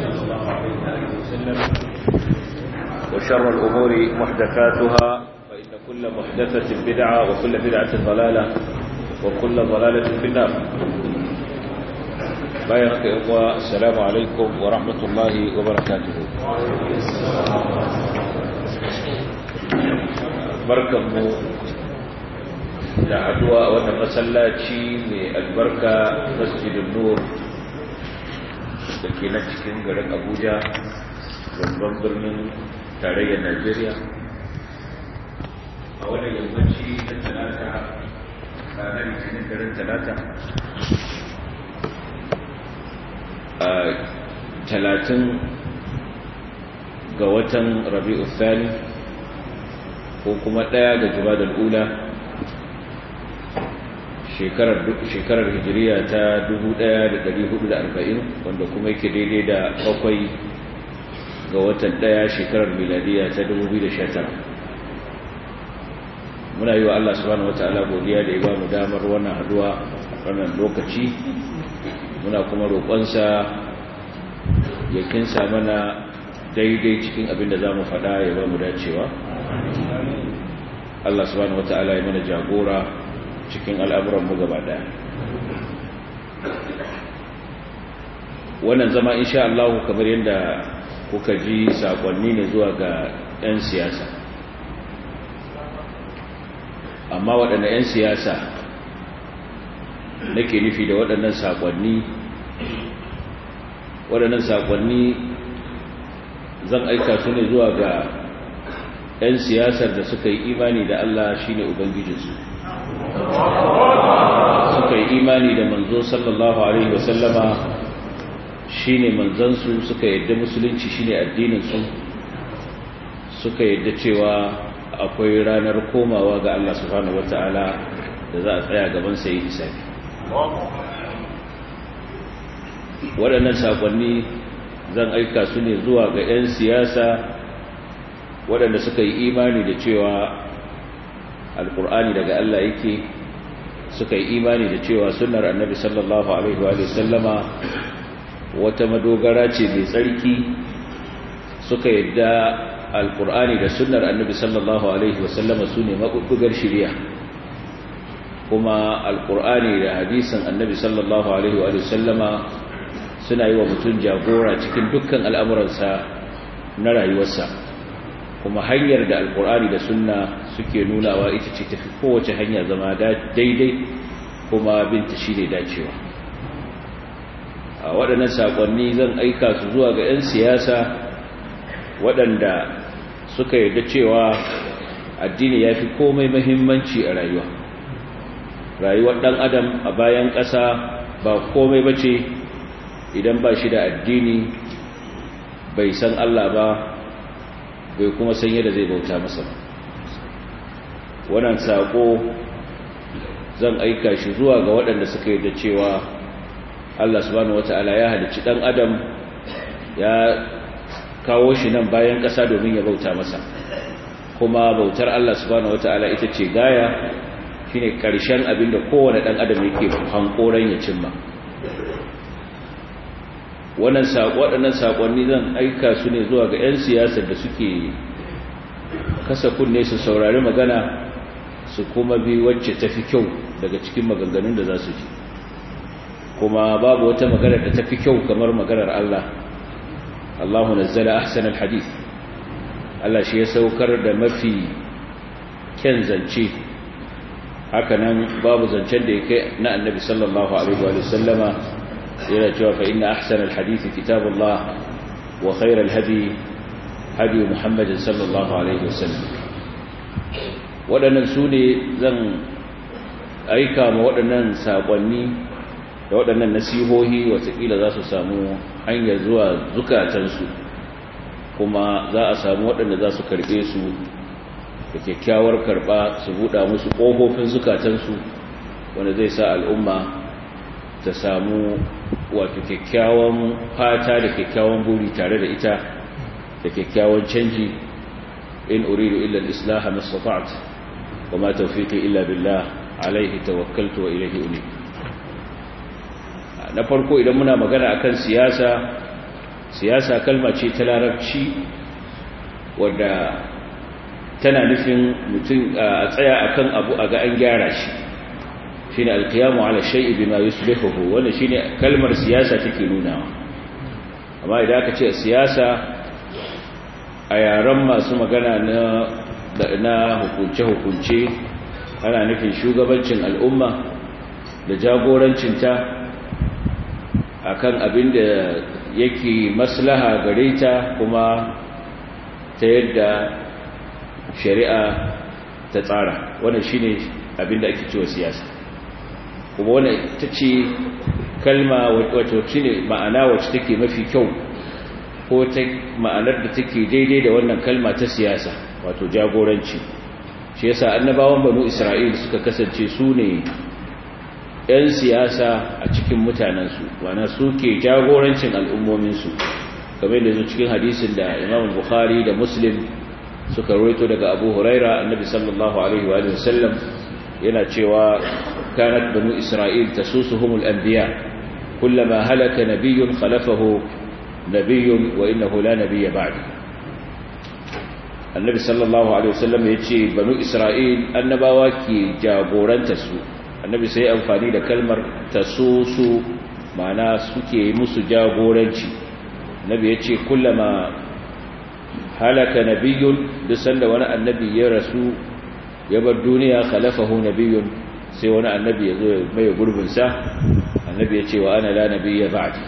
وسلم وشر الأمور محدثاتها فإن كل محدثة بدعة وكل بدعة ضلالة وكل ضلالة في النار بارك إخوة السلام عليكم ورحمة الله وبركاته barkanmu da haduwa wannan masallaci mai albarka masjidin da ke nan cikin garin abuja babban birnin tarayyar nigeria a wani yammaci na talata ranar cikin garin talata a talatin ga watan rabi'u thani ko kuma ɗaya ga jibadar ula shekarar hijiriya ta 1440 wanda kuma yake daidai da bakwai ga watan daya shekarar miladiya ta 2019 muna yi wa Allah subhanahu wataala godiya da ya ba mu damar wannan haduwa wannan lokaci muna kuma roƙonsa ya kinsa mana daidai cikin abin da za mu faɗa ya ba mu dacewa Allah subhanahu wataala ya mana jagora cikin al'amuranmu gaba ɗaya wannan zama insha Allah kamar yadda kuka ji sakonni ne zuwa ga 'yan siyasa amma waɗanda 'yan siyasa nake nufi da waɗannan sakonni waɗannan sakonni zan aika su ne zuwa ga 'yan siyasar da suka yi imani da Allah shine Ubangijinsu suka yi imani da manzo sallallahu alaihi wasallama ne manzansu suka yadda musulunci shi shine addininsu suka yadda cewa akwai ranar komawa ga Allah subhanahu wataala da za a tsaya gaban sai hisabi waɗannan sakonni zan aika su ne zuwa ga 'yan siyasa waɗanda suka yi imani da cewa alkur'ani daga Allah yake suka yi imani da cewa sunnar annabi sallallahu alaihi wa sallama wata madogara ce mai tsarki suka yadda alkur'ani da sunnar annabi sallallahu alaihi wa sallama su ne maɓuɓɓugar shirya kuma alkur'ani da hadisan annabi sallallahu alaihi wa sallama suna yi wa mutum jagora cikin dukkan al'amuransa na rayuwarsa kuma hanyar da alkur'ani da sunna suke nunawa ita ce tafi kowace hanya zama daidai kuma binta shi ne dacewa a waɗannan saƙonni zan aika su zuwa ga 'yan siyasa waɗanda suka yarda cewa addini ya fi komai mahimmanci a rayuwa rayuwar ɗan adam a bayan ƙasa ba komai ba ce idan ba shi da addini bai san Allah ba bai kuma san yadda zai bauta masa wannan sako zan aika shi zuwa ga waɗanda suka yi da cewa Allah subhanahu wata'ala ya halicci dan adam ya kawo shi nan bayan ƙasa domin ya bauta masa kuma bautar Allah subhanahu wata'ala ita ce gaya shine abin abinda kowane dan adam yake hankoran ya cimma wannan sako waɗannan sakonni zan aika su ne zuwa ga 'yan siyasar da suke kasa kunne su saurari magana su kuma bi wacce ta fi kyau daga cikin maganganun da za su ji kuma babu wata magana da ta fi kyau kamar maganar Allah Allahu nazzala ahsan alhadith Allah shi ya saukar da mafi kyan zance haka nan babu zancen da yake na annabi sallallahu alaihi wa sallama yana cewa fa inna ahsan alhadith kitabullah wa khayr alhadi hadi muhammadin sallallahu alaihi wa sallam waɗannan su ne zan aika ma waɗannan saƙonni da waɗannan nasihohi watakila za su samu hanyar zuwa zukatansu kuma za a samu waɗanda za su karɓe su da kyakkyawar karɓa su buɗa musu ƙofofin zukatansu wanda zai sa al'umma ta samu wato kyakkyawan fata da kyakkyawan buri tare da ita da kyakkyawan canji in uridu illa al-islaha mastata'tu وما توفيقي إلا بالله عليه توكلت وإليه أنيب na farko idan muna magana akan siyasa siyasa kalma ce ta larabci wadda tana nufin mutum a tsaya akan abu a ga gyara shi shine alqiyamu ala shay'i bima yuslihuhu wannan shine kalmar siyasa take nunawa amma idan aka ce siyasa a yaren masu magana na na hukunce-hukunce ana nufin shugabancin al'umma da jagorancinta a kan abin da yake maslaha gare ta kuma ta yadda shari'a ta tsara wannan ne abin da ake cewa siyasa kuma wannan ta ce kalma wato ne ma'ana wacce take mafi kyau ko ta ma'anar da take daidai da wannan kalma ta siyasa wato jagoranci shi yasa annabawan banu isra'il suka kasance su ne 'yan siyasa a cikin mutanensu wana suke jagorancin al'ummominsu kamar da zuwa cikin hadisin da imam bukhari da muslim suka roito daga abu huraira annabi sallallahu alaihi wa sallam yana cewa kanat banu isra'il tasusuhumul anbiya kullama halaka nabiyyun khalafahu nabiyyun wa innahu la nabiyya ba'dahu annabi sallallahu alaihi wasallam ya ce banu isra'il annabawa ke jagoranta su annabi sai amfani da kalmar tasusu ma'ana suke musu jagoranci annabi ya ce kullama halaka nabiyyun duk sanda wani annabi ya rasu ya bar duniya khalafahu nabiyyun sai wani annabi ya zo mai gurbinsa annabi ya ce wa ana la nabiyya ba'di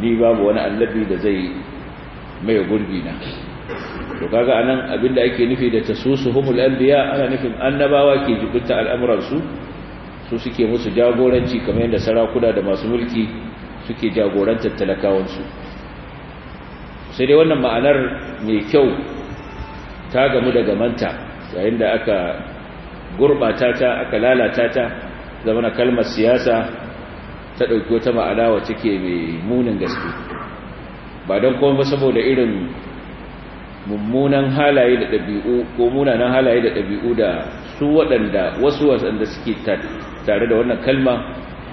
ni babu wani annabi da zai mai gurbi na to kaga anan abinda ake nufi da tasusuhumul anbiya ana nufin annabawa ke jibinta al'amuran su su suke musu jagoranci kamar yadda sarakuna da masu mulki suke jagorantar talakawan su sai dai wannan ma'anar mai kyau ta gamu daga manta yayin da aka gurbata ta aka lalata ta zama na kalmar siyasa ta ɗauki wata ma'ana wacce ke mai munin gaske ba don kuma saboda irin mummunan halaye da ɗabi'u ko munanan halaye da ɗabi'u da su waɗanda wasu waɗanda suke tare da wannan kalma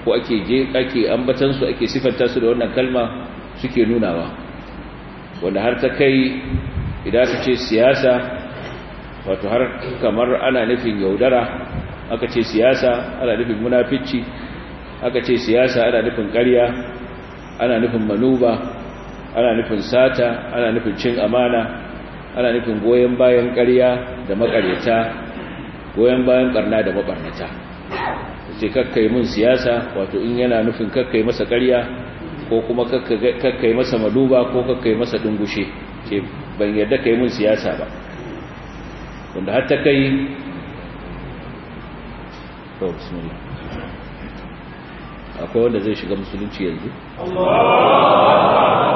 ko ake je ake ambatansu ake sifanta su da wannan kalma suke nunawa wanda har ta kai idan aka ce siyasa wato har kamar ana nufin yaudara aka ce siyasa ana nufin munafici aka ce siyasa ana nufin ƙarya ana nufin manuba ana nufin sata ana nufin cin amana ana nufin goyon bayan ƙarya da makaryata goyon bayan ƙarna da mabarnata ce kakkai mun siyasa wato in yana nufin kakkai masa ƙarya ko kuma kakkai masa maduba ko kakkai masa dungushe ce ban yarda kai mun siyasa ba wanda hatta kai akwai wanda zai shiga musulunci yanzu Allah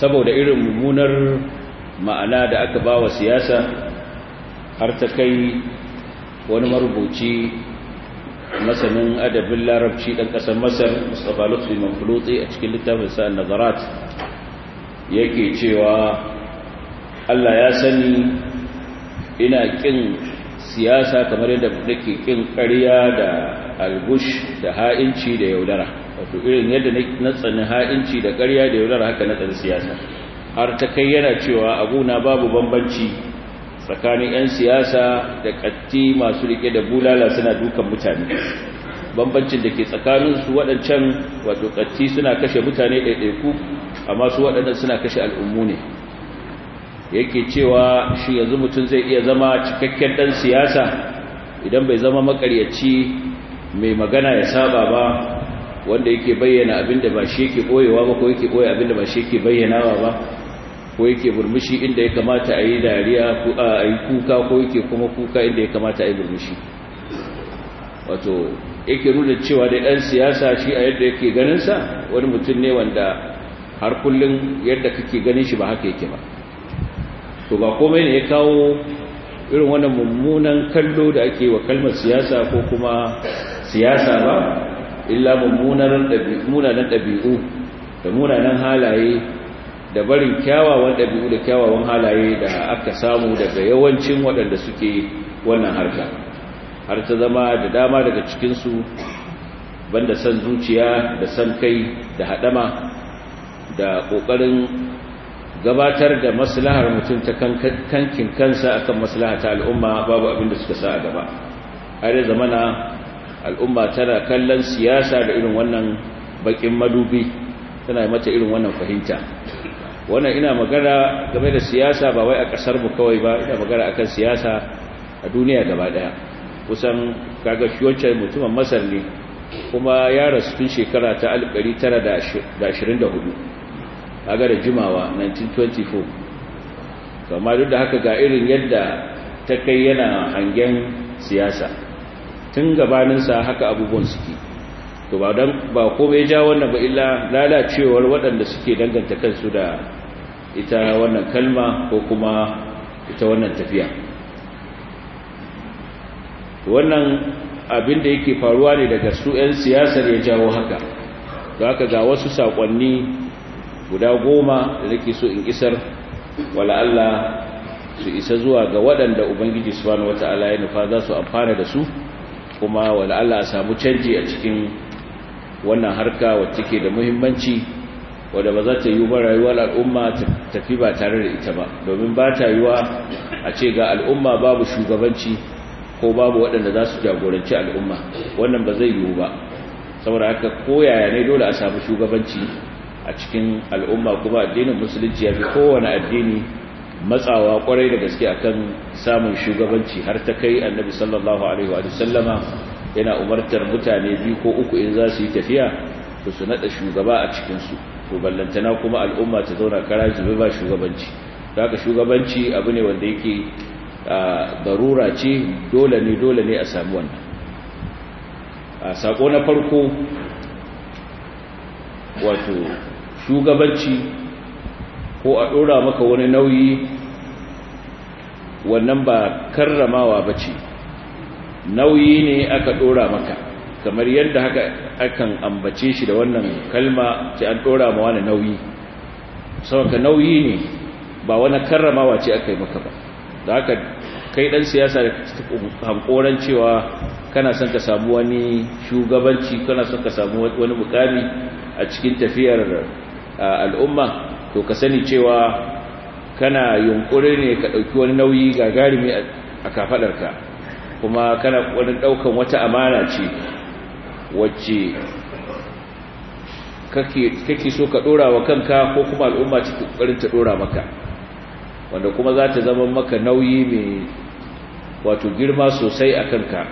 saboda irin mummunar ma'ana da aka ba wa siyasa har ta kai wani marubuci masanin adabin larabci ɗan ƙasar masar mustapha lutfi mamfuluti a cikin littafinsa, sa'an nazarat yake cewa allah ya sani ina ƙin siyasa kamar yadda nake ƙin ƙarya da albush da ha'inci da yaudara wato irin yadda na tsani ha'inci da ƙarya da yaurar haka na tsani siyasa har ta kai yana cewa abuna babu bambanci tsakanin 'yan siyasa da ƙatti masu riƙe da bulala suna dukan mutane bambancin da ke tsakaninsu waɗancan wato ƙatti suna kashe mutane ɗaiɗaiku amma su waɗannan suna kashe al'ummu ne yake cewa shi yanzu mutum zai iya zama cikakken ɗan siyasa idan bai zama makaryaci mai magana ya saba ba wanda yake bayyana abinda ba shi yake koyewa ba ko yake boye abinda ba shi yake bayyanawa ba ko yake burmushi inda ya kamata a yi dariya ko a yi kuka ko yake kuma kuka inda ya kamata a yi burmushi wato yake nuna cewa da ɗan siyasa shi a yadda yake ganinsa wani mutum ne wanda har kullum yadda kake ganin shi ba haka yake ba to ba komai ne ya kawo irin wannan mummunan kallo da ake wa kalmar siyasa ko kuma siyasa ba illa munanan ɗabi'u da munanan halaye da barin kyawawan ɗabi'u da kyawawan halaye da aka samu daga yawancin waɗanda suke wannan harka har ta zama da dama daga cikinsu banda san zuciya da san kai da haɗama da ƙoƙarin gabatar da maslahar mutum ta kankin kansa akan maslaha ta al'umma babu abin da suka sa a gaba har zamana al'umma tana kallon siyasa da irin wannan bakin madubi tana mata irin wannan fahimta wannan ina magana game da siyasa ba wai a kasar mu kawai ba ina magana akan siyasa a duniya gaba daya kusan kaga shi mutumin masar ne kuma ya rasu tun shekara ta 1924 kaga da jimawa 1924 kamar duk da haka ga irin yadda ta kai yana hangen siyasa tun gabaninsa haka abubuwan suke to ba dan ba komai ja wannan ba illa lalacewar waɗanda suke danganta kansu da ita wannan kalma ko kuma ita wannan tafiya wannan abin da yake faruwa ne daga su 'yan siyasar ya jawo haka to haka ga wasu saƙonni guda goma da nake so in isar wala Allah su isa zuwa ga waɗanda Ubangiji subhanahu wata'ala ya nufa za su amfana da su kuma wala Allah a samu canji a cikin wannan harka wacce ke da muhimmanci wadda ba za ta yi ba rayuwar al'umma tafi ba tare da ita ba domin ba ta yiwa a ce ga al'umma babu shugabanci ko babu waɗanda za su jagoranci al'umma wannan ba zai yiwu ba saboda haka koyaya ne dole a samu shugabanci a cikin al'umma kuma addinin musulunci ya fi kowane addini matsawa kwarai da gaske akan samun shugabanci har ta kai annabi sallallahu alaihi wa sallama yana umartar mutane biyu ko uku in za su yi tafiya to su nada shugaba a cikinsu su to ballantana kuma al'umma ta zauna kara zube ba shugabanci haka shugabanci abu ne wanda yake darura ce dole ne dole ne a samu wannan a sako na farko wato shugabanci ko a ɗora maka wani nauyi wannan ba karramawa ba ce nauyi ne aka ɗora maka kamar yadda haka akan ambace shi da wannan kalma ce an ɗora ma wani nauyi sauka nauyi ne ba wani karramawa ce aka yi maka ba da haka kai ɗan siyasa da hankoran cewa kana son ka samu wani shugabanci kana son ka samu wani mukami a cikin tafiyar al'umma to ka sani cewa kana yunkuri ne ka ɗauki wani nauyi gagarumi a kafaɗarka kuma kana wani ɗaukan wata amana ce wacce kake so ka ɗora wa kanka ko kuma al'umma ce kokarin ta ɗora maka wanda kuma za ta zama maka nauyi mai wato girma sosai a kanka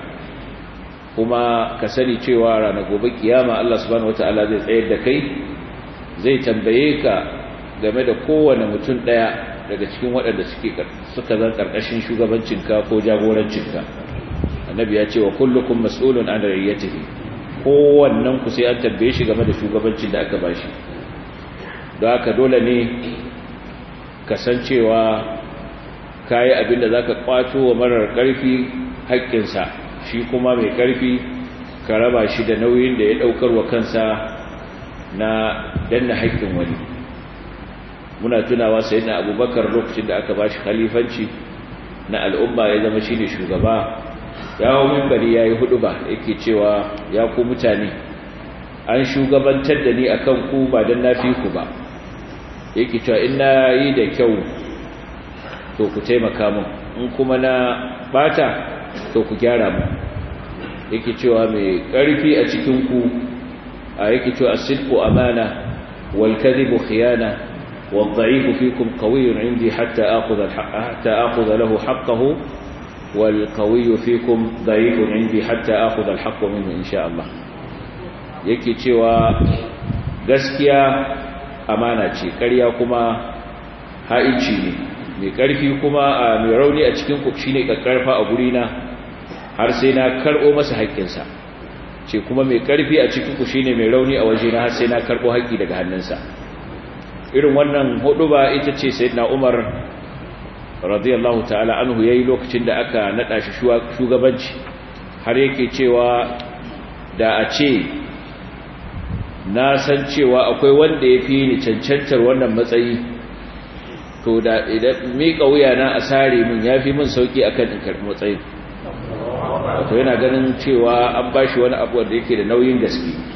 kuma ka sani cewa ranar gobe kiyama Allah subhanahu wataala zai tsayar da kai zai tambaye ka game da kowane mutum ɗaya daga cikin waɗanda suke suka zan ƙarƙashin shugabancinka ko jagorancinka annabi ya ce wa kullukum mas'ulun an rayyatihi kowannan ku sai an tambaye shi game da shugabancin da aka bashi don haka dole ne kasancewa kayi abin da zaka kwato wa marar ƙarfi haƙƙinsa shi kuma mai karfi ka raba shi da nauyin da ya ɗaukar wa kansa na danna haƙƙin wani muna tunawa na abubakar lokacin da aka bashi khalifanci na al'umma ya zama shi ne shugaba yawo minbari yayi ba yake cewa ya ku mutane an shugabantar da ni akan ku ba don na fi ku ba yake cewa in na yi da kyau to ku taimaka min in kuma na bata to ku gyara min yake cewa mai karfi a cikin ku a yake cewa amana wal kadhibu khiyana والضعيف فيكم قوي عندي حتى آخذ, الحق حتى آخذ له حقه والقوي فيكم ضعيف عندي حتى آخذ الحق منه إن شاء الله يكي تشوى قسكيا أمانة كرياكما هائجيني مكارفيكما ميروني أتكين كوكشيني كالكارفة أبولينا harsena karbo masa haƙƙinsa ce kuma mai ƙarfi a cikin ku shine mai rauni a wajena har sai na karbo haƙƙi irin wannan huduba ita ce sayyidina Umar radiyallahu ta'ala anhu yayi lokacin da aka nada shi shugabanci har yake cewa da a ce na san cewa akwai wanda ya fi ni cancantar wannan matsayi to da idan miƙa wuyana a sare min ya fi min sauki a kan karɓi matsayin to yana ganin cewa an ba shi wani abu da yake da nauyin gaske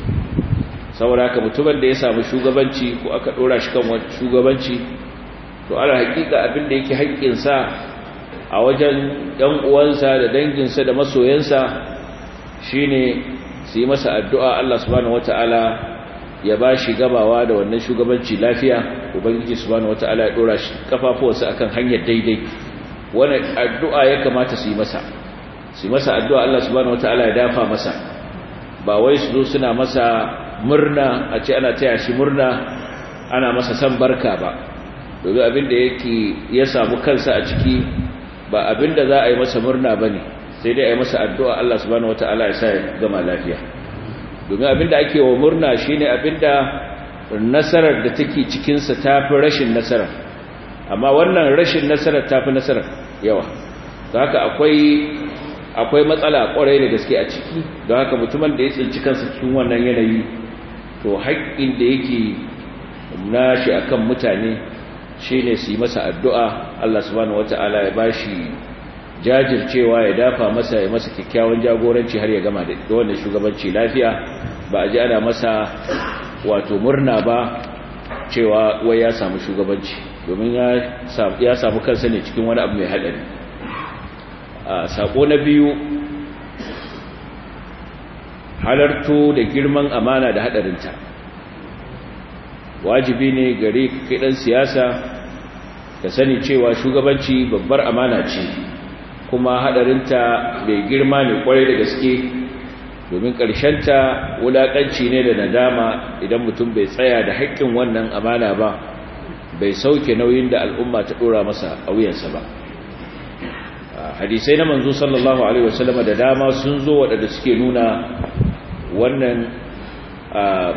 saboda haka mutumin da ya samu shugabanci ko aka dora shi kan shugabanci to ala hakika abin da yake haƙƙinsa a wajen ɗan uwansa da danginsa da masoyansa shine su yi masa addu'a Allah subhanahu wata'ala ya ba shi gabawa da wannan shugabanci lafiya ubangiji subhanahu wata'ala ya dora shi kafafuwarsa akan hanyar daidai wani addu'a ya kamata su yi masa su yi masa addu'a Allah subhanahu wata'ala ya dafa masa ba wai su zo suna masa murna a ce ana taya shi murna ana masa san barka ba domin abin da yake ya samu kansa a ciki ba abin da za a yi masa murna ba ne sai dai a yi masa addu'a Allah subhanahu wata'ala ya sa ya gama lafiya domin abin da ake wa murna shi ne abin da nasarar da take cikinsa ta fi rashin nasarar amma wannan rashin nasarar ta fi nasarar yawa ta haka akwai matsala matsala kwarai da gaske a ciki don haka mutumin da ya tsinci kansa cikin wannan yanayi to haƙƙin da yake a kan mutane shine su yi masa addu'a Allah subhanahu wata'ala ya bashi jajircewa ya dafa masa ya masa kyakkyawan jagoranci har ya gama da wannan shugabanci lafiya ba a ji ana masa wato murna ba cewa wai ya samu shugabanci domin ya samu kansa ne cikin wani abu mai haɗari a sako na biyu halarto da girman amana da hadarinta wajibi ne gare kai dan siyasa ka sani cewa shugabanci babbar amana ce kuma hadarinta mai girma ne kwarai da gaske domin ta wulakanci ne da nadama idan mutum bai tsaya da haƙƙin wannan amana ba bai sauke nauyin da al'umma ta ɗora masa a wuyansa ba hadisai na manzo sallallahu alaihi wasallam da dama sun zo waɗanda suke nuna wannan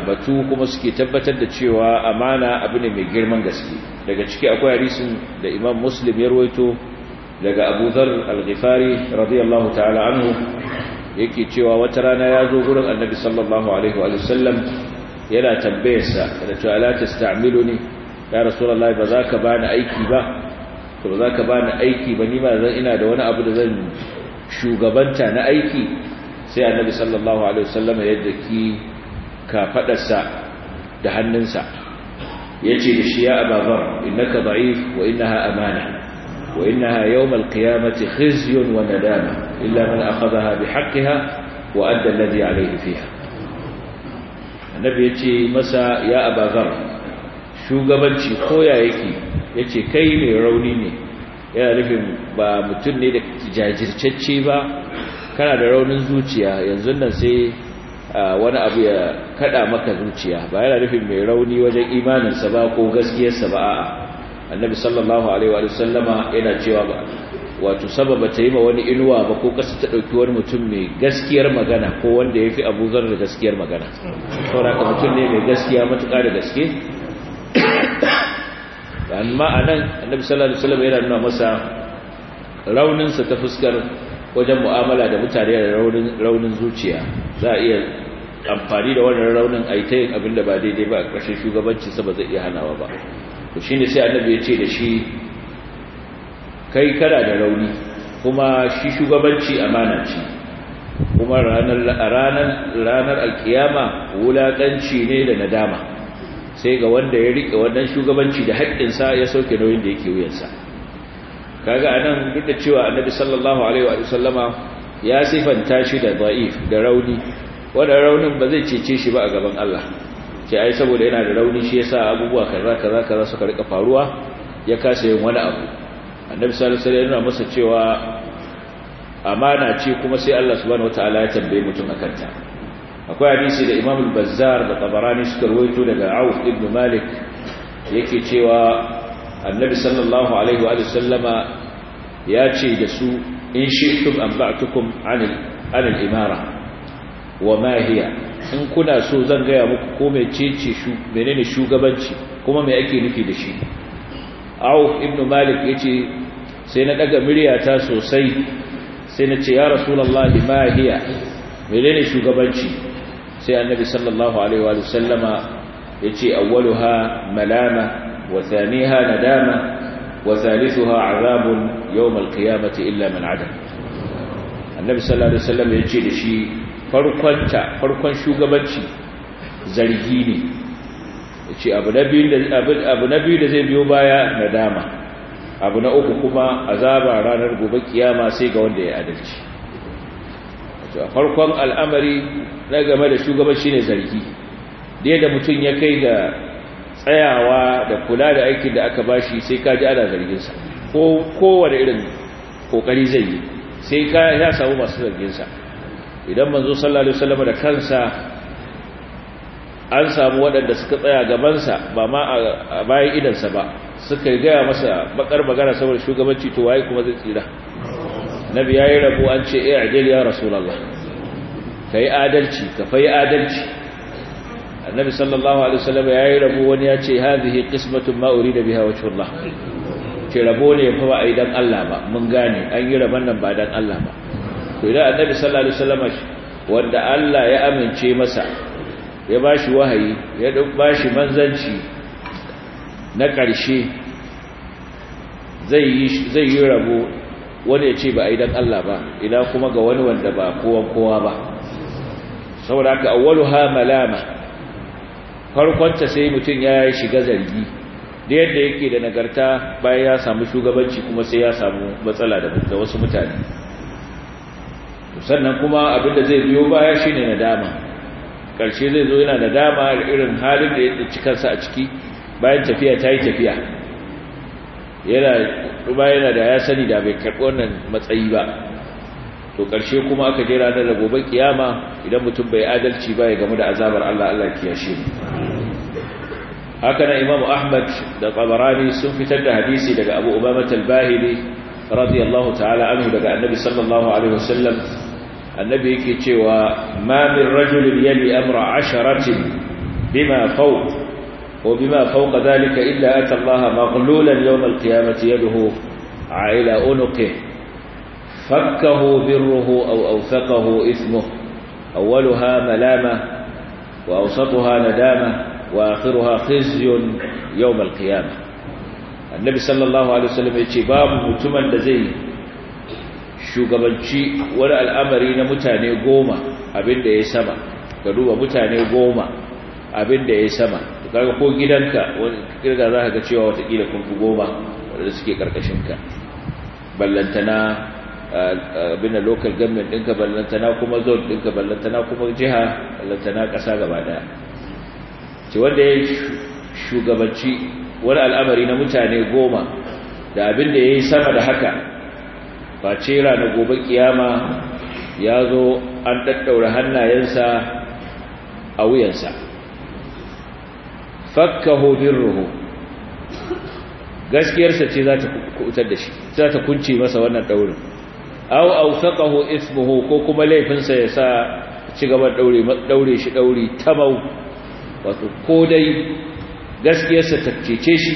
batu kuma suke tabbatar da cewa amana abu ne mai girman gaske daga ciki akwai hadisin da imam muslim ya ruwaito daga abuzar zar al-ghifari radiyallahu ta'ala anhu yake cewa wata rana ya zo gurin annabi sallallahu alaihi wa sallam yana tambayarsa da cewa ala tasta'miluni ya rasulullahi ba za ka bani aiki ba to ba za ka bani aiki ba ni zan ina da wani abu da zan shugabanta na aiki sai annabi sallallahu alaihi wasallam ya daki kafadarsa da hannunsa yace da shi ya abazar innaka da'if wa innaha amana wa innaha yawm al-qiyamati khizyun wa nadama illa man akhadhaha bihaqqiha wa adda alladhi alayhi fiha annabi yace masa ya abazar shugabanci koya yake yace kai mai rauni ne yana nufin ba mutum ne da jajirtacce ba kana da raunin zuciya yanzu nan sai wani abu ya kada maka zuciya ba yana nufin mai rauni wajen imaninsa ba ko gaskiyarsa ba a'a annabi sallallahu alaihi wa sallama yana cewa ba wato sababa ta yi ma wani inuwa ba ko kasa ta ɗauki wani mutum mai gaskiyar magana ko wanda ya fi abuzar da gaskiyar magana sauraka mutum ne mai gaskiya matuƙa da gaske amma a nan annabi sallallahu alaihi sallama yana nuna masa rauninsa ta fuskar wajen mu'amala da mutane da raunin zuciya za a iya amfani da wannan raunin a yi abin da ba daidai ba a ƙarshen shugabancinsa ba zai iya hanawa ba to shi ne sai annabi ya ce da shi kai kana da rauni kuma shi shugabanci amana ce kuma ranar alkiyama wulaƙanci ne da nadama sai ga wanda ya riƙe wannan shugabanci da haƙƙinsa ya sauke nauyin da yake wuyansa kaga anan duk da cewa annabi sallallahu alaihi wa sallama ya sifanta shi da da'if da rauni wanda raunin ba zai cece shi ba a gaban Allah sai ai saboda yana da rauni shi yasa abubuwa kaza kaza kaza suka rika faruwa ya kasa yin wani abu annabi sallallahu alaihi wasallam yana masa cewa amana ce kuma sai Allah subhanahu wataala ya tambaye mutum akan ta akwai hadisi da Imam al-Bazzar da Tabarani suka rawaito daga Auf ibn Malik yake cewa annabi sallallahu alaihi wa sallama ya ce da su in shi'tum anba'tukum anil anil imara wa ma in kuna so zan gaya muku ko mecece shu menene shugabanci kuma me ake nufi da shi Auf Ibnu Malik yace sai na daga miryata sosai sai na ce ya rasulullahi ma hiya menene shugabanci sai annabi sallallahu alaihi wa sallama yace awwaluha malama وثانيها ندامة وثالثها عذاب يوم القيامة إلا من عدم النبي صلى الله عليه وسلم يجي لشي فرقنت فرقن شوغبانشي zargini yace abu na biyu da abu na biyu da zai biyo baya nadama abu na uku kuma azaba ranar gobe kiyama sai ga wanda ya adalci to a farkon al'amari na game da shugaban shine zargi da yadda mutum ya kai ga tsayawa da kula da aikin da aka bashi sai ka ji ana zarginsa ko kowane irin kokari zai yi sai ka ya samu masu zarginsa idan manzo sallallahu alaihi wasallam da kansa an samu waɗanda suka tsaya gabansa ba ma a bayan idansa ba suka gaya masa bakar magana saboda shugabanci to waye kuma zai tsira nabi yayi rabu an ce eh, ya ajil ya rasulullah kai adalci ka fai adalci annabi sallallahu alaihi wasallam yi rabo wani ya ce hadhihi qismatun ma urida biha wajhullah ce rabo ne fa ba idan Allah ba mun gane an yi rabon nan ba dan Allah ba to idan annabi sallallahu alaihi wasallam wanda Allah ya amince masa ya bashi wahayi ya bashi manzanci na ƙarshe zai yi zai yi rabo wani ya ce ba idan Allah ba ina kuma ga wani wanda ba kowa kowa ba saboda haka awwaluha malama farkonta sai mutum ya shiga zargi da yadda yake da nagarta bayan ya samu shugabanci kuma sai ya samu matsala da wasu mutane sannan kuma abinda zai biyo baya shine nadama ƙarshe zai zo yana nadama irin halin da ya cikarsa a ciki bayan tafiya ta yi tafiya yana ruba yana da ya sani da bai karɓi wannan matsayi ba to ƙarshe kuma aka jera ranar da gobe kiyama idan mutum bai adalci ba ya gamu da azabar Allah Allah kiyashe mu هكذا إمام أحمد دقبراني سنفتن حديثي لك أبو أمامة الباهلي رضي الله تعالى عنه لك النبي صلى الله عليه وسلم النبي كيتي وما من رجل يلي أمر عشرة بما فوق وبما فوق ذلك إلا أتى الله مغلولا يوم القيامة يده إلى أنقه فكه بره أو أوثقه إثمه أولها ملامة وأوسطها ندامة wa akhiruha khizyun yawm al-qiyamah annabi sallallahu alaihi wasallam yace babu mutumin da zai shugabanci wani al'amari na mutane goma abinda yayi sama ka duba mutane goma abinda yayi sama kaga ko gidanka wani kirga ka ga cewa watakila kun fi goma wanda suke karkashin ka ballantana abinda local government ɗinka ballantana kuma zone ɗinka ballantana kuma jiha ballantana ƙasa gaba ɗaya ce wanda ya shugabanci wani al'amari na mutane goma da abin da ya yi sama da haka ba ce ranar gobe kiyama ya zo an ɗaɗɗaura hannayensa a wuyansa hobin ruhu gaskiyarsa ce za ta kutar da shi za ta kunce masa wannan ɗaurin au ho ismuhu ko kuma laifinsa ya sa ci gaba ɗaure shi ɗauri tamau wato ko dai gaskiyarsa ta shi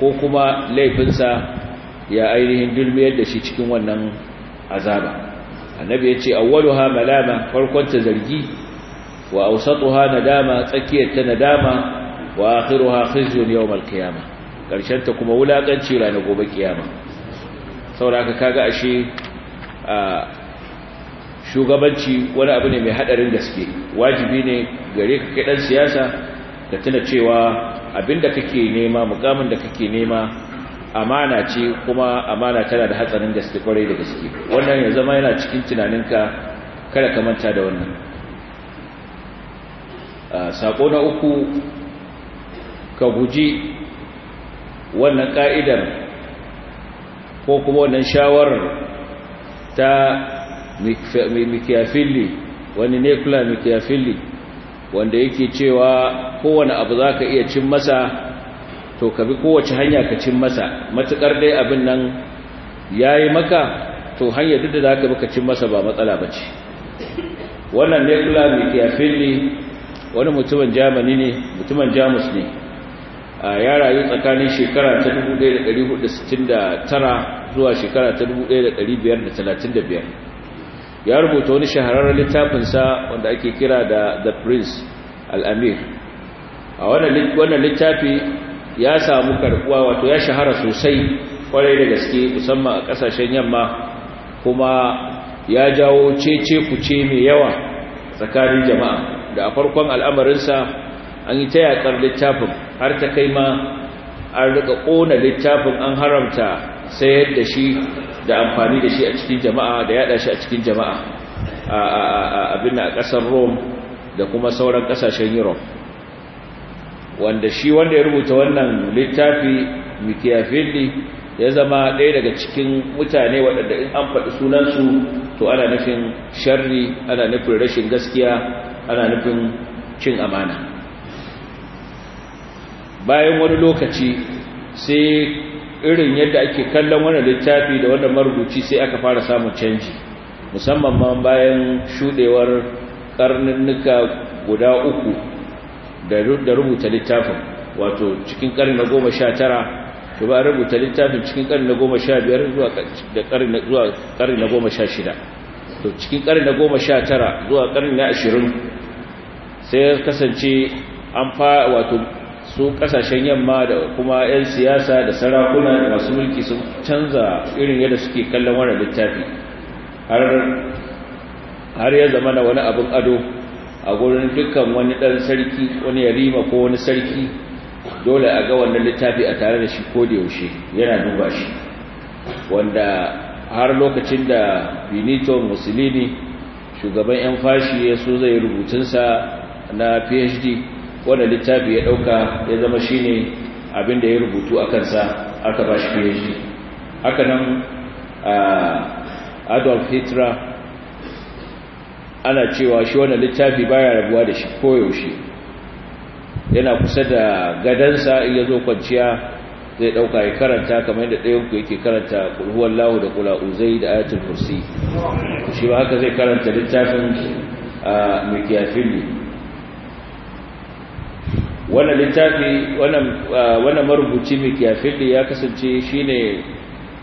ko kuma laifinsa ya ainihin dulmiyar da shi cikin wannan azaba annabi ya ce awwaluha malama farkon ta zargi wa awsatuha nadama tsakiyar ta nadama wa akhiruha khizyun yawm alqiyama karshen ta kuma wulakanci rana gobe kiyama saboda ka kaga ashe shugabanci wani abu ne mai hadarin gaske wajibi ne gare ka kai dan siyasa da tuna cewa abinda kake nema mukamin da kake nema amana ce kuma amana tana da hatsarin gaske kwarai da gaske wannan ya zama yana cikin tunaninka kada ka manta da wannan sako na uku ka guji wannan ka'idar ko kuma wannan shawarar ta mikiyafili wani nekula mikiyafili wanda yake cewa kowane abu za ka iya cin masa to ka bi kowace hanya ka cin masa matuƙar dai abin nan ya yi maka to hanyar duk da za ka bi ka cin masa ba matsala ba ce wannan ne kula mai ne wani mutumin jamani ne mutumin jamus ne a ya rayu tsakanin shekara ta 1469 zuwa shekara ta 1535 ya rubuta wani shahararren littafinsa wanda ake kira da the prince al'amir a wannan littafi ya samu karbuwa wato ya shahara sosai kwarai da gaske musamman a kasashen yamma kuma ya jawo cece kuce mai yawa tsakanin jama'a da a farkon al'amarinsa an yi ta yakar littafin har ta kai ma an rika kona littafin an haramta sayar da shi da amfani da shi a cikin jama'a da yada shi a cikin jama'a a abin a kasar rome da kuma sauran kasashen europe wanda shi wanda ya rubuta wannan littafi mikiyafinli ya zama ɗaya daga cikin mutane waɗanda in an faɗi sunansu to ana nufin sharri ana nufin rashin gaskiya ana nufin cin amana bayan wani lokaci sai irin yadda ake kallon wannan littafi da wannan marubuci sai aka fara samun canji musamman ma bayan shudewar karninnika guda uku da rubuta littafin wato cikin karni na goma sha tara to ba rubuta littafin cikin karni na goma sha biyar zuwa karni na goma sha shida to cikin karni na goma sha tara zuwa karni na ashirin sai kasance an fa wato su kasashen yamma da kuma 'yan siyasa da sarakuna da masu mulki sun canza irin yadda suke kallon wannan littafi har ya zama na wani abin ado a gurin dukkan wani ɗan sarki wani yarima ko wani sarki dole a ga wannan littafi a tare da shi ko da yaushe yana duba shi wanda har lokacin da benito mussolini shugaban 'yan fashi ya so zai rubutunsa na phd wanda littafi ya dauka ya zama shine abinda ya rubutu a kansa aka ba shi PhD haka nan Adolf Hitler ana cewa shi wannan littafi baya rabuwa da shi koyaushe yana kusa da gadansa in ya zo kwanciya zai dauka ya karanta kamar yadda ɗayanku yake karanta ƙulhuwar lahu da uzai da ayatul kursi shi ba haka zai karanta littafin a ne. wannan littafi wannan ah, marubuci mikiyafili ya kasance shine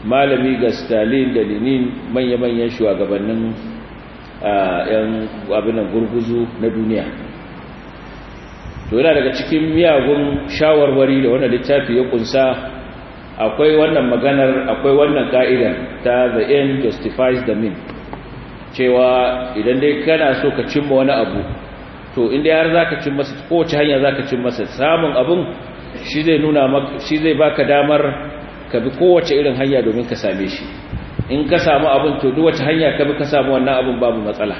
malami ga stalin da lenin manya-manyan shugabannin ah, yan abinan gurguzu na duniya to yana daga cikin miyagun shawarwari da wannan littafi ya kunsa akwai wannan maganar akwai wannan ka'ida ta the end justifies the mean cewa idan dai kana so ka cimma wani abu to inda yar zaka cin masa wace hanya zaka cin masa samun abin shi zai nuna maka shi zai baka damar ka bi kowace irin hanya domin ka same shi in ka samu abin to duk wace hanya ka bi ka samu wannan abin babu matsala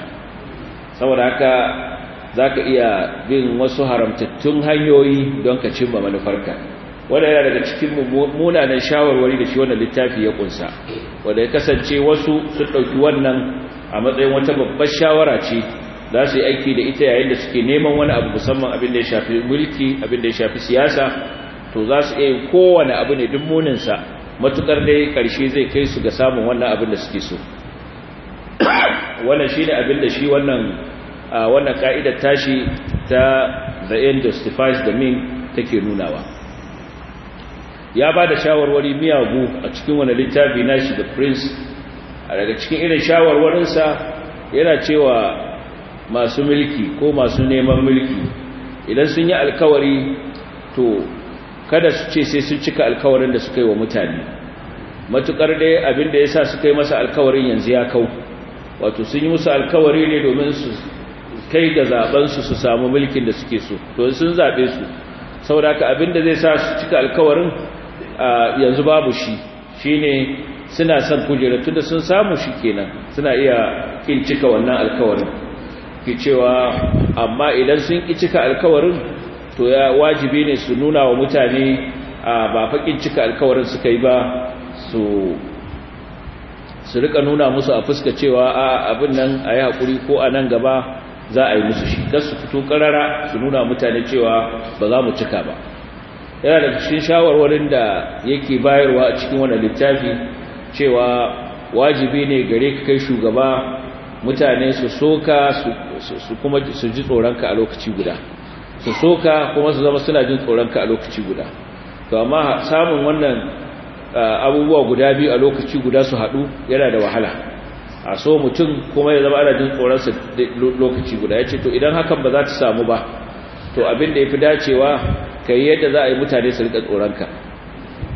saboda haka zaka iya bin wasu haramtattun hanyoyi don ka cimma manufarka wanda yana daga cikin munanan shawarwari da shi wannan littafi ya kunsa wanda ya kasance wasu su dauki wannan a matsayin wata babbar shawara ce za su yi aiki da ita yayin da suke neman wani abu musamman abin da ya shafi mulki abin da ya shafi siyasa to za su iya yin kowane abu ne duk muninsa matukar dai karshe zai kai su ga samun wannan abin da suke so wannan shi ne abin da shi wannan wannan ka'idar tashi ta the end justifies the mean take nunawa ya ba da shawarwari miyagu a cikin wani littafi nashi da prince a daga cikin irin shawarwarinsa yana cewa masu mulki ko masu neman mulki idan sun yi alkawari to kada su ce sai sun cika alkawarin da suka yi wa mutane matukar dai abin da sa suka yi masa alkawarin yanzu ya kau wato sun yi musu alkawari ne domin su kai ga zaɓensu su samu mulkin da suke so to sun zabe su saboda abin da zai sa su cika alkawarin yanzu babu shi shine suna son kujera da sun samu shi kenan suna iya kin cika wannan alkawarin ke cewa amma idan sun ki cika alkawarin to ya wajibi ne su nuna wa mutane ba faƙin cika alkawarin suka yi ba su su rika nuna musu a fuska cewa a abin nan a yi haƙuri ko a nan gaba za a yi musu shi don su fito ƙarara su nuna mutane cewa ba za mu cika ba yana da cikin shawarwarin da yake bayarwa a cikin wani littafi cewa wajibi ne gare ka kai shugaba mutane su soka su kuma su ji tsoronka a lokaci guda su soka kuma su zama suna jin tsoronka a lokaci guda to amma samun wannan ah, abubuwa guda biyu a lokaci guda su haɗu yana da wahala a so mutum kuma ya zama ana jin tsoronsa lokaci guda ya ce to idan hakan ba za ta samu ba to abin da ya fi dacewa ka yi yadda za a yi mutane su riƙa tsoronka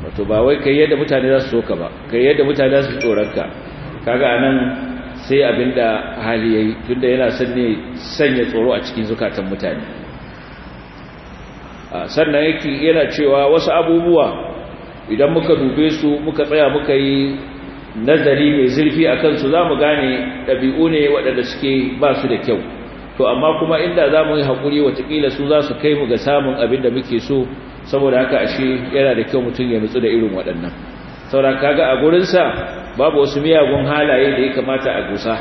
wato ba wai ka yi yadda mutane za su soka ba ka yi yadda mutane za su tsoronka kaga anan sai abin da hali ya yayi tunda yana sanne sanya tsoro a cikin zukatan mutane ah, sannan yake yana cewa wasu abubuwa idan muka dube su muka tsaya muka yi nazari mai zurfi a kansu za mu gane ɗabi'u ne waɗanda suke ba su da kyau to amma kuma inda za mu yi haƙuri watakila su za su kai mu ga samun abin da muke so saboda haka ashe yana da kyau mutum ya nutsu da irin waɗannan saboda kaga a gurinsa babu wasu miyagun halaye da ya kamata a gusa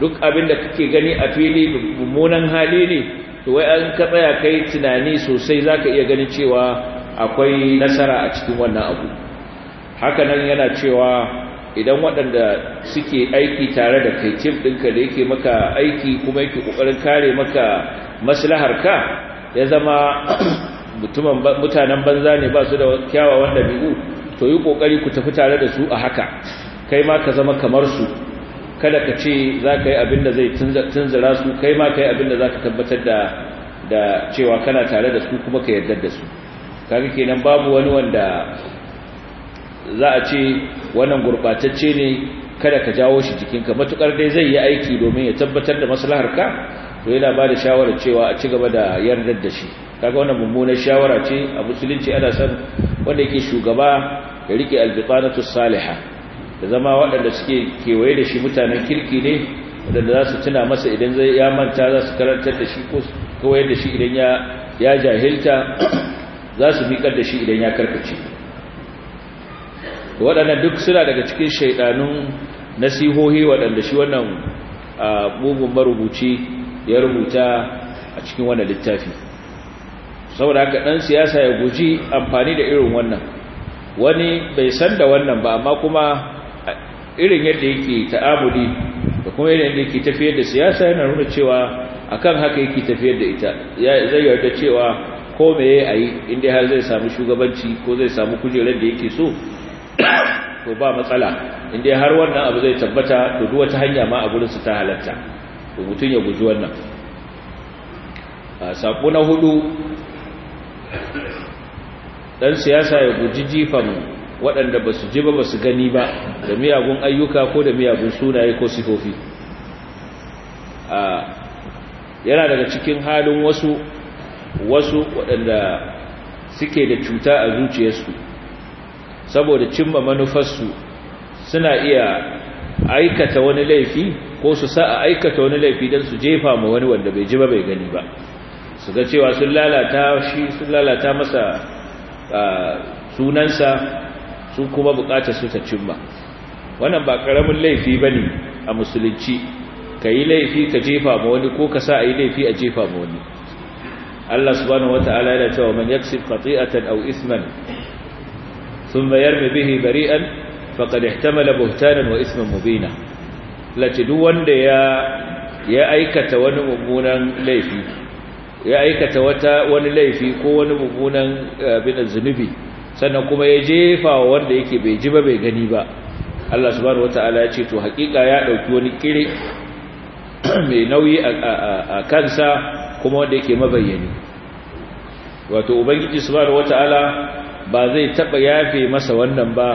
duk abin da kake gani a fili mummunan hali ne to wai an ka tsaya kai tunani sosai zaka iya gani cewa akwai nasara a cikin wannan abu haka nan yana cewa idan waɗanda suke aiki tare da kai cif ɗinka da yake maka aiki kuma yake ƙoƙarin kare maka maslahar ka ya zama mutanen banza ne ba su da kyawawan dabi'u, to yi ƙoƙari ku tafi tare da su a haka kai ma ka zama kamar su kada ka ce za ka yi abin da zai tunzura su kai ma ka yi abin da za ka tabbatar da cewa kana tare da su kuma ka yarda da su kaga kenan babu wani wanda za a ce wannan gurbatacce ne kada ka jawo shi jikinka matukar dai zai yi aiki domin ya tabbatar da maslahar ka to yana ba da shawarar cewa a ci gaba da yardar da shi kaga wannan mummunar shawara ce a musulunci ana san wanda yake shugaba ya rike albiqanatu salihah da zama waɗanda suke kewaye da shi mutanen kirki ne waɗanda za su tuna masa idan zai ya manta za su karantar da shi ko kawai da shi idan ya jahilta za su miƙar da shi idan ya karkace waɗannan duk suna daga cikin shaidanun nasihohi waɗanda shi wannan mugun marubuci ya rubuta a cikin wannan littafi saboda haka ɗan siyasa ya guji amfani da irin wannan wani bai san da wannan ba amma kuma irin yadda yake ta'abudi da kuma irin yadda yake tafiyar da siyasa yana nuna cewa akan haka yake tafiyar da ita zai yarda cewa ko meye ayi inda har zai samu shugabanci ko zai samu kujerar da yake so to ba matsala inda har wannan abu zai tabbata to duk wata hanya ma a gurin su ta halatta to mutun ya guji wannan sako na hudu dan siyasa ya guji jifan waɗanda ba su ji ba ba su gani ba da miyagun ayyuka ko da miyagun sunaye ko sifofi yana daga cikin halin wasu wasu waɗanda suke da cuta a zuciyarsu saboda cimma manufarsu suna iya aikata wani laifi ko su sa a aikata wani laifi don su jefa ma wani wanda bai ji ba bai gani ba su ga cewa sun lalata shi sun lalata masa sunansa su kuma bukatar su ta cimma wannan ba karamin laifi bane a musulunci kai laifi ka jefa ma wani ko ka sa ayi laifi a jefa ma wani Allah subhanahu wataala yana cewa man yaksib khati'atan aw ithman thumma yarmi bihi bari'an faqad ihtamala buhtanan wa ithman mubina lati duk wanda ya ya aikata wani mummunan laifi ya aikata wata wani laifi ko wani mummunan eh, abin zunubi sannan kuma ya jefa wa wanda yake bai ji ba bai gani ba Allah subhanahu wataala ya ce to hakika ya dauki wani kire mai nauyi a kansa kuma wanda yake mabayyani wato ubangiji subhanahu wataala ba zai taba yafe masa wannan ba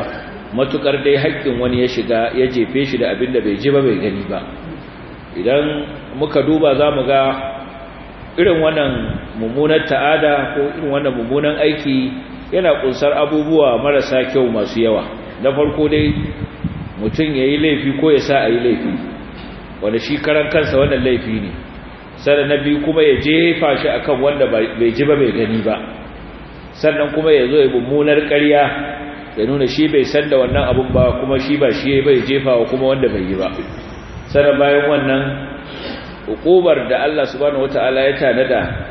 matukar dai haƙƙin wani ya shiga ya jefe shi da abinda bai ji ba bai gani ba idan muka duba za mu ga irin wannan mummunar ta'ada ko irin wannan mummunan aiki yana kunsar abubuwa marasa kyau masu yawa na farko dai mutum ya yi laifi ko ya sa a yi laifi wanda shi karan kansa wannan laifi ne sannan na biyu kuma ya jefa shi kan wanda bai ji ba bai gani ba sannan kuma ya zo ya mummunar karya. ya nuna shi bai san da wannan abin ba kuma shi ba shi bai jefa wa kuma wanda bai yi ba sannan bayan wannan hukubar da Allah subhanahu wataala ya tanada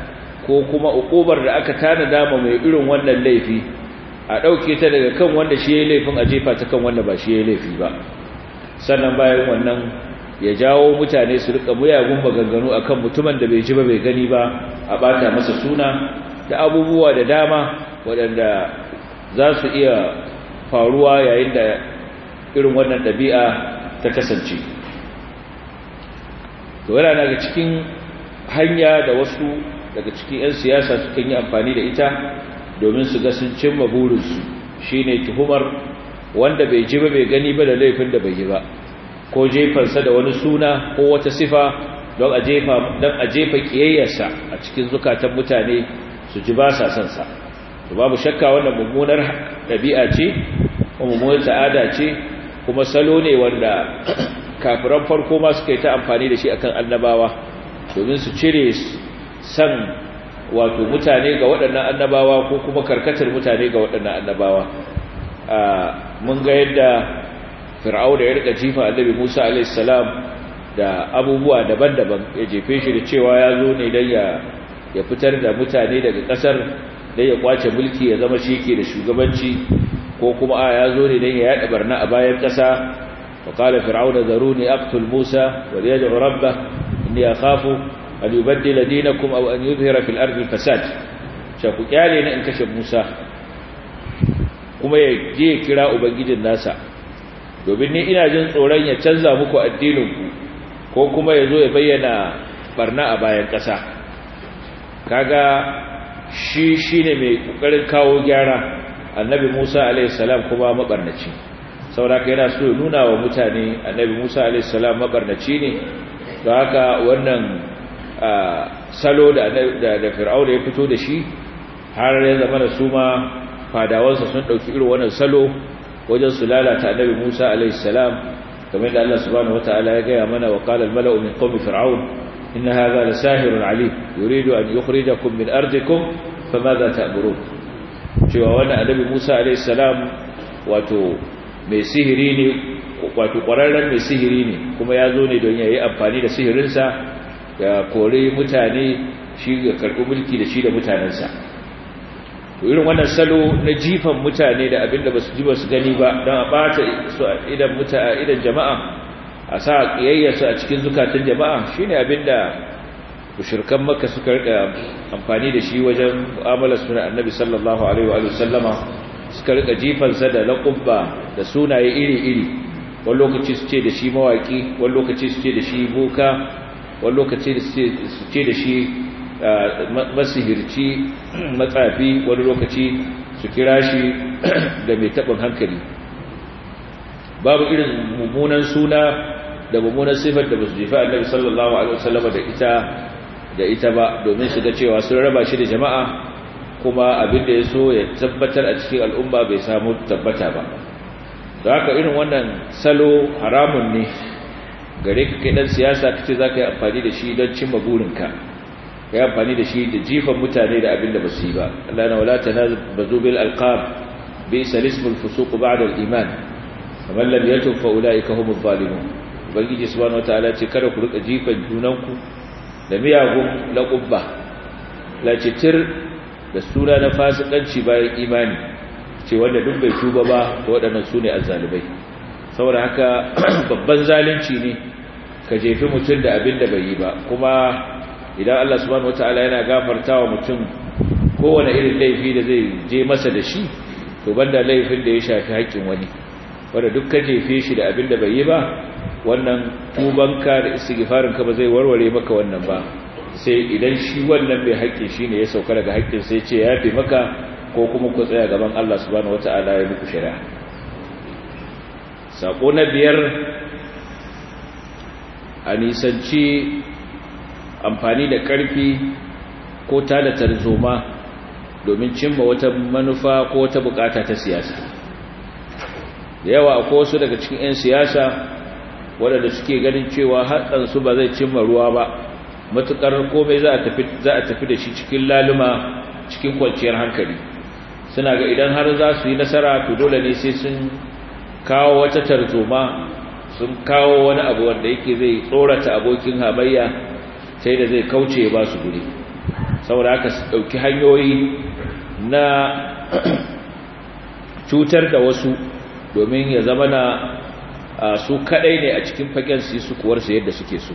ko kuma ukubar da aka tanada ma mai irin wannan laifi a ɗauke ta daga kan wanda shi ya laifin a jefa ta kan wanda ba shi ya laifi ba sannan bayan wannan ya jawo mutane su rika muyagun maganganu a kan mutumin da bai ji ba bai gani ba a ɓata masa suna da abubuwa da dama waɗanda za su iya faruwa yayin da irin wannan ɗabi'a ta kasance to yana daga cikin hanya da wasu daga cikin 'yan siyasa sukan yi amfani da ita domin su ga sun cimma burinsu shi ne tuhumar wanda bai ji ba bai gani ba da laifin da bai yi ba ko jefansa da wani suna ko wata sifa don a jefa ƙiyayyarsa a cikin zukatan mutane su ji ba sa sansa to babu shakka wannan mummunar ɗabi'a ce mummunar ta'ada ce kuma salo ne wanda kafiran farko ma suka yi ta amfani da shi akan annabawa domin su cire san wato mutane ga waɗannan annabawa ko kuma karkatar mutane ga waɗannan annabawa mun ga yadda fir'auna ya rika jifa annabi Musa alayhi salam da abubuwa daban-daban ya jefe shi da cewa ya zo ne dan ya ya fitar da mutane daga kasar dan ya kwace mulki ya zama shi da shugabanci ko kuma a ya zo ne dan ya yada barna a bayan kasa wa qala fir'auna zaruni aqtul Musa wa yad'u rabbahu inni akhafu an yubaddila dinakum aw an yuzhira fil ardi fasad sha ku kyale ne in kashe Musa kuma ya je kira ubangijin nasa domin ni ina jin tsoron ya canza muku addinin ku ko kuma ya zo ya bayyana barna a bayan ƙasa kaga shi shine mai kokarin kawo gyara annabi Musa alayhi salam kuma mabarnaci kai yana so nuna wa mutane annabi Musa alayhi salam mabarnaci ne don haka wannan salo da da fir'auna ya fito da shi har ya zama da su ma fadawansa sun ɗauki irin wannan salo wajen su lalata annabi Musa alaihi salam kamar da Allah subhanahu ta'ala ya gaya mana wa qala al-mala'u min qawmi fir'aun inna da lasahirun Ali. yuridu an yi da yukhrijakum min ardikum ta ta'murun cewa wannan annabi Musa alaihi salam wato mai sihiri ne wato ƙwararren mai sihiri ne kuma ya zo ne don ya yi amfani da sihirinsa ya kore mutane shi ga karɓi mulki da shi da mutanensa to irin wannan salo na jifan mutane da abinda ba su ji ba su gani ba don a ɓata su idan mutane idan jama'a a sa ƙiyayyarsu a cikin zukatun jama'a Shi shine abinda mushrikan maka suka rika amfani da shi wajen mu'amalar suna annabi sallallahu alaihi wa sallama suka rika jifansa da laƙubba da sunaye iri-iri wani lokaci su ce da shi mawaƙi wani lokaci su ce da shi boka wani lokaci suke su ce da shi masihirci matsafi wani lokaci su kira shi da mai taɓin hankali babu irin mummunan suna da mummunan sifar da basu su jefa annabi sallallahu alaihi wasallam da ita da ita ba domin su ga cewa sun raba shi da jama'a kuma abin da ya so ya tabbatar a cikin al'umma bai samu tabbata ba da haka irin wannan salo haramun ne gare ka kai dan siyasa kace zaka yi amfani da shi don cimma ka kai amfani da shi da jifan mutane da abin da ba su yi ba Allah na wala tanazab bazubil alqab bi salismul fusuq ba'da al-iman faman lam yatub fa ulaika humuz zalimun ubangiji subhanahu wataala ce kada ku rika jifan junanku da miyagun qubba la citir da sura na fasikanci bayan imani ce wanda duk bai tuba ba to waɗannan su ne azzalibai saboda haka babban zalunci ne ka jefi mutum da abin da bai yi ba kuma idan Allah subhanahu wataala yana gafartawa mutum kowane irin laifi da zai je masa da shi to banda laifin da ya shafi haƙƙin wani wanda duk ka jefe shi da abin da bai yi ba wannan tubanka da istighfarin ka ba zai warware maka wannan ba sai idan shi wannan mai shi ne ya sauka daga haƙƙin sai ce ya fi maka ko kuma ku tsaya gaban Allah subhanahu wataala ya muku shari'a sako na biyar a nisanci amfani da ƙarfi ko ta da tarzoma domin cimma wata manufa ko wata bukata ta siyasa da yawa ko su daga cikin 'yan siyasa waɗanda suke ganin cewa hatsansu ba zai cimma ruwa ba matuƙar komai za a tafi da shi cikin laluma cikin kwanciyar hankali suna ga idan har za su yi nasara to dole ne sai sun kawo wata tarzoma sun kawo wani abu wanda yake zai tsorata abokin habayya sai da zai kauce ba su guri saboda haka su ɗauki hanyoyi na cutar da wasu domin ya zama na su kadai ne a cikin fagen su yi su yadda suke su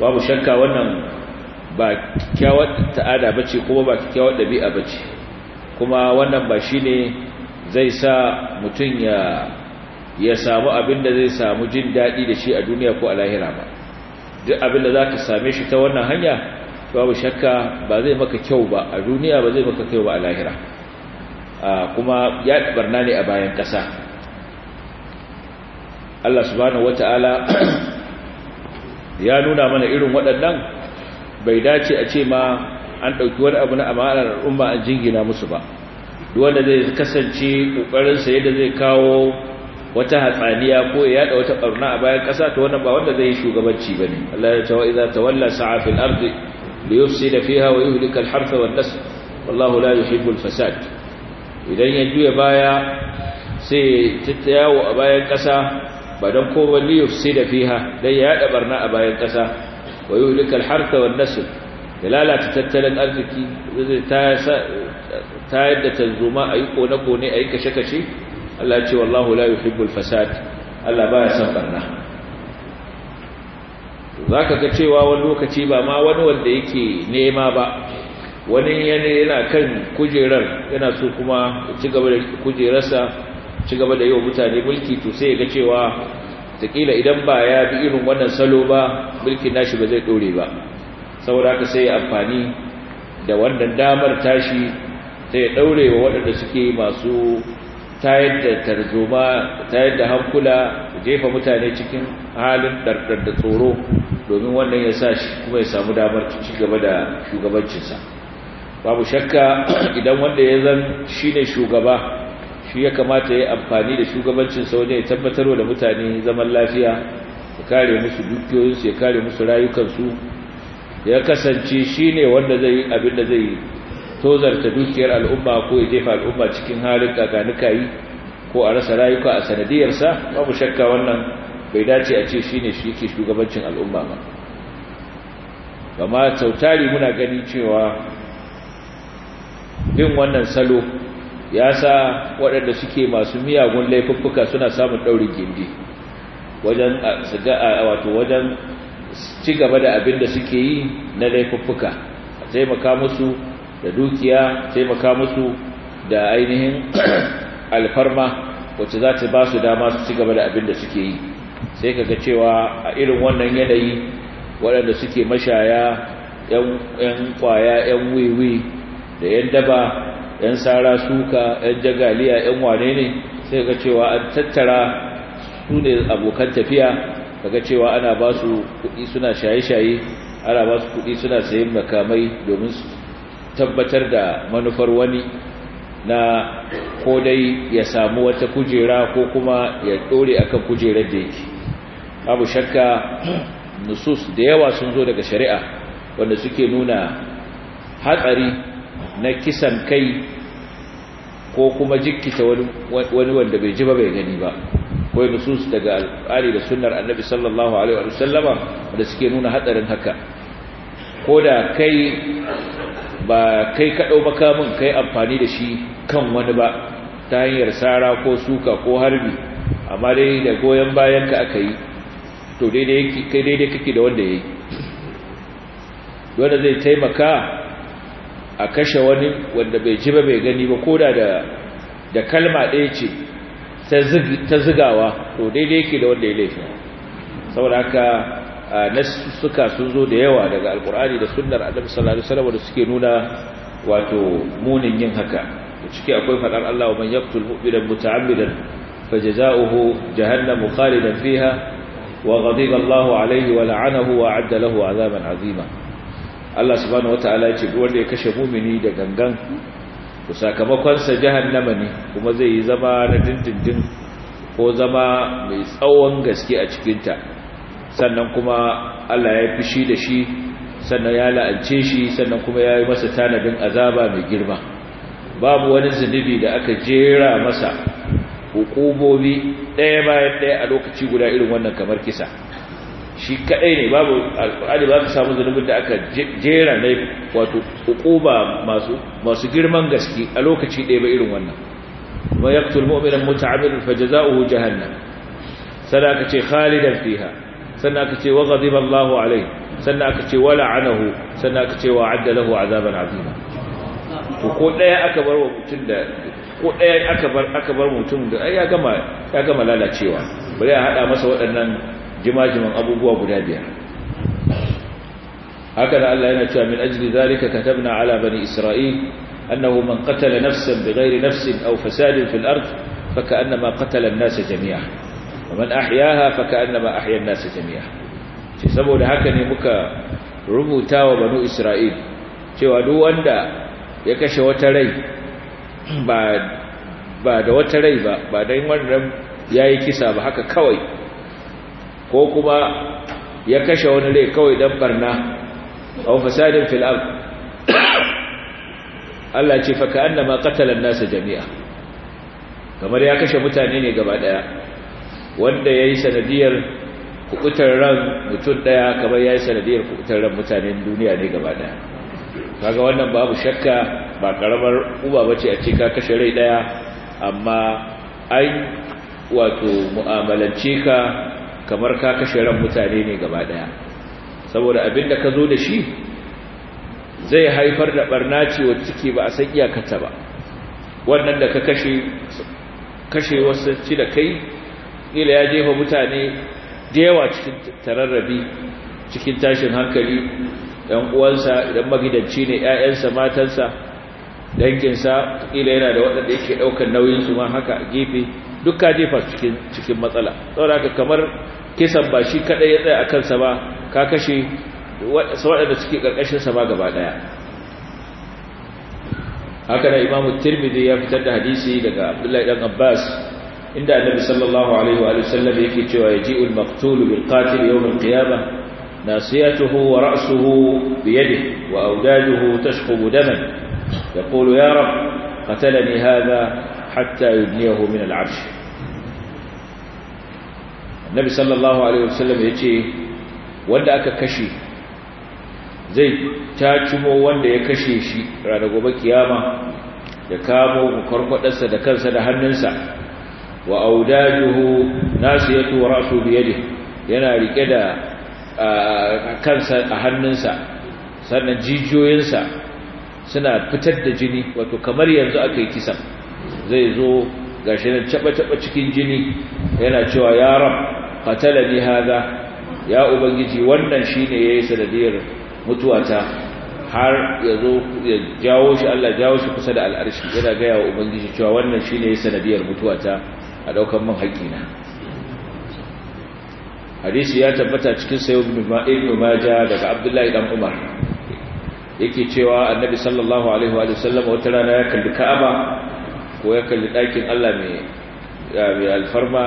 babu shakka wannan ba kyakkyawar ta'ada ba ce kuma ba kyakkyawar ɗabi'a ba ce kuma wannan ba shi ne zai sa mutum ya ya samu abin da zai samu jin daɗi da shi a duniya ko a lahira ba duk abin da za ka same shi ta wannan hanya babu shakka ba zai maka kyau ba a duniya ba zai maka kyau ba a lahira kuma ya barna ne a bayan ƙasa Allah subhanahu wata'ala ya nuna mana irin waɗannan bai dace a ce ma an ɗauki wani abu na amalar al'umma an jingina musu ba wanda zai kasance ƙoƙarinsa yadda zai kawo wata hatsaniya ko ya yada wata barna a bayan kasa to wannan ba wanda zai yi shugabanci bane Allah ya ce wa idza tawalla sa'a fil ardi li yufsida fiha wa yuhlika al harth wal nasl wallahu la yuhibbu al fasad idan ya juya baya sai tattayawo a bayan kasa ba dan ko ba li yufsida fiha dan ya yada barna a bayan kasa wa yuhlika al harth wal nasl ya lalata tattalin arziki zai ta tayar da tanzuma ayi kone kone ayi kashe kashe Allah ya ce wallahu la yuhibbul fasad Allah baya son barna zaka ga cewa wani lokaci ba ma wani wanda yake nema ba wani yana yana kan kujerar yana so kuma ci gaba da kujerarsa ci gaba da yi mutane mulki to sai ya ga cewa takila idan ba ya bi irin wannan salo ba mulki nashi ba zai dore ba saboda haka sai ya amfani da wannan damar tashi sai ya daure wa waɗanda suke masu Ta yadda tarzoma tayar da hankula jefa mutane cikin halin ɗarɗar da tsoro domin wannan ya sa shi kuma ya samu damar ci gaba da shugabancinsa babu shakka idan wanda ya zan shi ne shugaba shi ya kamata ya amfani da shugabancinsa wajen ya tabbatar da mutane zaman lafiya ya kare musu dukiyoyinsu ya kare musu rayukansu ya kasance shi ne wanda zai abin da zai tozarta dukiyar al'umma ko ya jefa al'umma cikin halin kaganuka yi ko a rasa rayuka a sanadiyarsa babu shakka wannan bai dace a ce shi ne shi ke shugabancin al'umma ba amma Tautari muna gani cewa bin wannan salo ya sa waɗanda suke masu miyagun laifuffuka suna samun ɗaurin gindi wajen wajen ci gaba da abin da suke yi na laifuffuka a taimaka musu da dukiya taimaka musu da ainihin alfarma wacce za ta ba su dama su ci gaba da abin da suke yi sai kaga cewa a irin wannan yanayi waɗanda suke mashaya ‘yan kwaya ‘yan wiwi da ‘yan daba ‘yan sara suka ‘yan jagaliya ‘yan wane ne sai kaga cewa an tattara su ne abokan tafiya kaga cewa ana ba su kuɗi suna shaye-shaye ana ba su kuɗi suna sayin makamai domin su tabbatar da manufar wani na ko dai ya samu wata kujera ko kuma ya dore akan kujerar da yake abu shakka nusus da yawa sun zo daga shari'a wanda suke nuna hatsari na kisan kai ko kuma jikkita wani wanda bai ji ba bai gani ba kawai nusus daga alƙari da sunnar annabi sallallahu alaihi Wasallama, wanda suke nuna hatsarin haka ko da kai ba kai kaɗau ɗau makamin kai amfani da shi kan wani ba ta hanyar tsara ko suka ko harbi amma dai da goyon bayan ka aka yi to daidai kake da wanda ya yi wanda zai taimaka a kashe wani wanda bai ji ba bai gani ba ko da da kalma ɗaya ce ta zigawa to daidai yake da wanda ya laifin saboda haka suka sun zo da yawa daga alkur'ani da sunnar annabi sallallahu alaihi wasallam suke nuna wato munin yin haka ciki akwai fadar Allah wa man yaqtul mu'mina muta'ammidan fajaza'uhu jahannamu khalidan fiha wa ghadiba Allah wa la'anahu wa a'adda lahu 'azaban 'azima Allah subhanahu wataala ya ce wanda ya kashe mumini da gangan to sakamakon sa jahannama ne kuma zai yi zama na dindindin ko zama mai tsawon gaske a cikinta sannan kuma Allah ya fushi da shi sannan ya la'ance shi sannan kuma ya yi masa tanadin azaba mai girma babu wani zunubi da aka jera masa hukumomi ɗaya bayan ɗaya a lokaci guda irin wannan kamar kisa shi kaɗai ne babu alƙur'ani ba ka samu zunubin da aka jera na wato hukuma masu girman gaske a lokaci ɗaya ba irin wannan ma yaqtul mu'mina muta'ammidan fajza'uhu jahannam sadaka ce khalidan fiha سنة كتي وغضب الله عليه سنة كتي ولعنه سنة كتي وعد له عذابا عظيما وقول لا أكبر وقول لا أكبر أكبر وقول لا يا جماعة يا جماعة لا لا تشيوا بل يا هذا مسوى أن جماج من أبو بوا بنادية هكذا الله ينتهى من أجل ذلك كتبنا على بني إسرائيل أنه من قتل نفسا بغير نفس أو فساد في الأرض فكأنما قتل الناس جميعا man ahyaha fakannama ahya an-nas jami'a saboda haka ne muka rubuta wa banu isra'il cewa duk wanda ya kashe wata rai ba da wata rai ba ba dan wannan yayi kisa ba haka kawai ko kuma ya kashe wani rai kawai dan barna fasadin fil Allah ce fa ka'annama qatala jami'a kamar ya kashe mutane ne gaba daya wanda ya yi sanadiyar kukutar ran mutum ɗaya kamar ya yi sanadiyar kukutar ran mutanen duniya ne gaba ɗaya kaga wannan babu shakka ba karamar uba ba ce a ce kashe rai daya amma an wato mu'amalance ka kamar ka kashe ran mutane ne gaba ɗaya saboda abin da ka zo da shi zai haifar da barna ce wacce take ba a san iyakata ba wannan da ka kashe kashe wasu ci da kai kila ya jefa mutane da yawa cikin tararrabi cikin tashin hankali ɗan uwansa idan magidanci ne ‘ya'yansa matansa danginsa kila yana da waɗanda yake nauyin nauyinsu ma haka a gefe dukka jefa cikin matsala saboda kamar kisan ba shi kaɗai ya tsaya a kansa ba ka kashe waɗanda suke ƙarƙashinsa ba gaba ɗaya haka da imamu tirmidhi ya fitar da hadisi daga abdullahi ɗan abbas inda annabi sallallahu alaihi wa sallam yake cewa yaji'ul maqtul bil qatil yawm al qiyamah nasiyatuhu wa ra'suhu bi yadihi wa awdaduhu tashqubu daman yaqulu ya rab qatalani hadha hatta yudniyahu min al arsh annabi sallallahu alaihi wa sallam yace wanda aka kashe zai tacimo wanda ya kashe shi ranar gobe kiyama ya kamo kwarkwadarsa da kansa da hannunsa wa audajuhu nasiyatu wa rasu biyadi yana rike da kansa a hannunsa sannan jijiyoyinsa suna fitar da jini wato kamar yanzu aka yi kisan zai zo gashi nan taba-taba cikin jini yana cewa ya rab qatala ni haza, ya ubangiji wannan shine yayi sanadiyar mutuwata har zo ya jawo shi Allah jawo shi kusa da al'arshi yana ga ya ubangiji cewa wannan shine yayi sanadiyar mutuwata a daukan man haƙina hadisi ya tabbata cikin sayo ibn maja daga abdullahi dan umar yake cewa annabi sallallahu alaihi wa sallam wata rana ya kalli ka'aba ko ya kalli ɗakin allah mai alfarma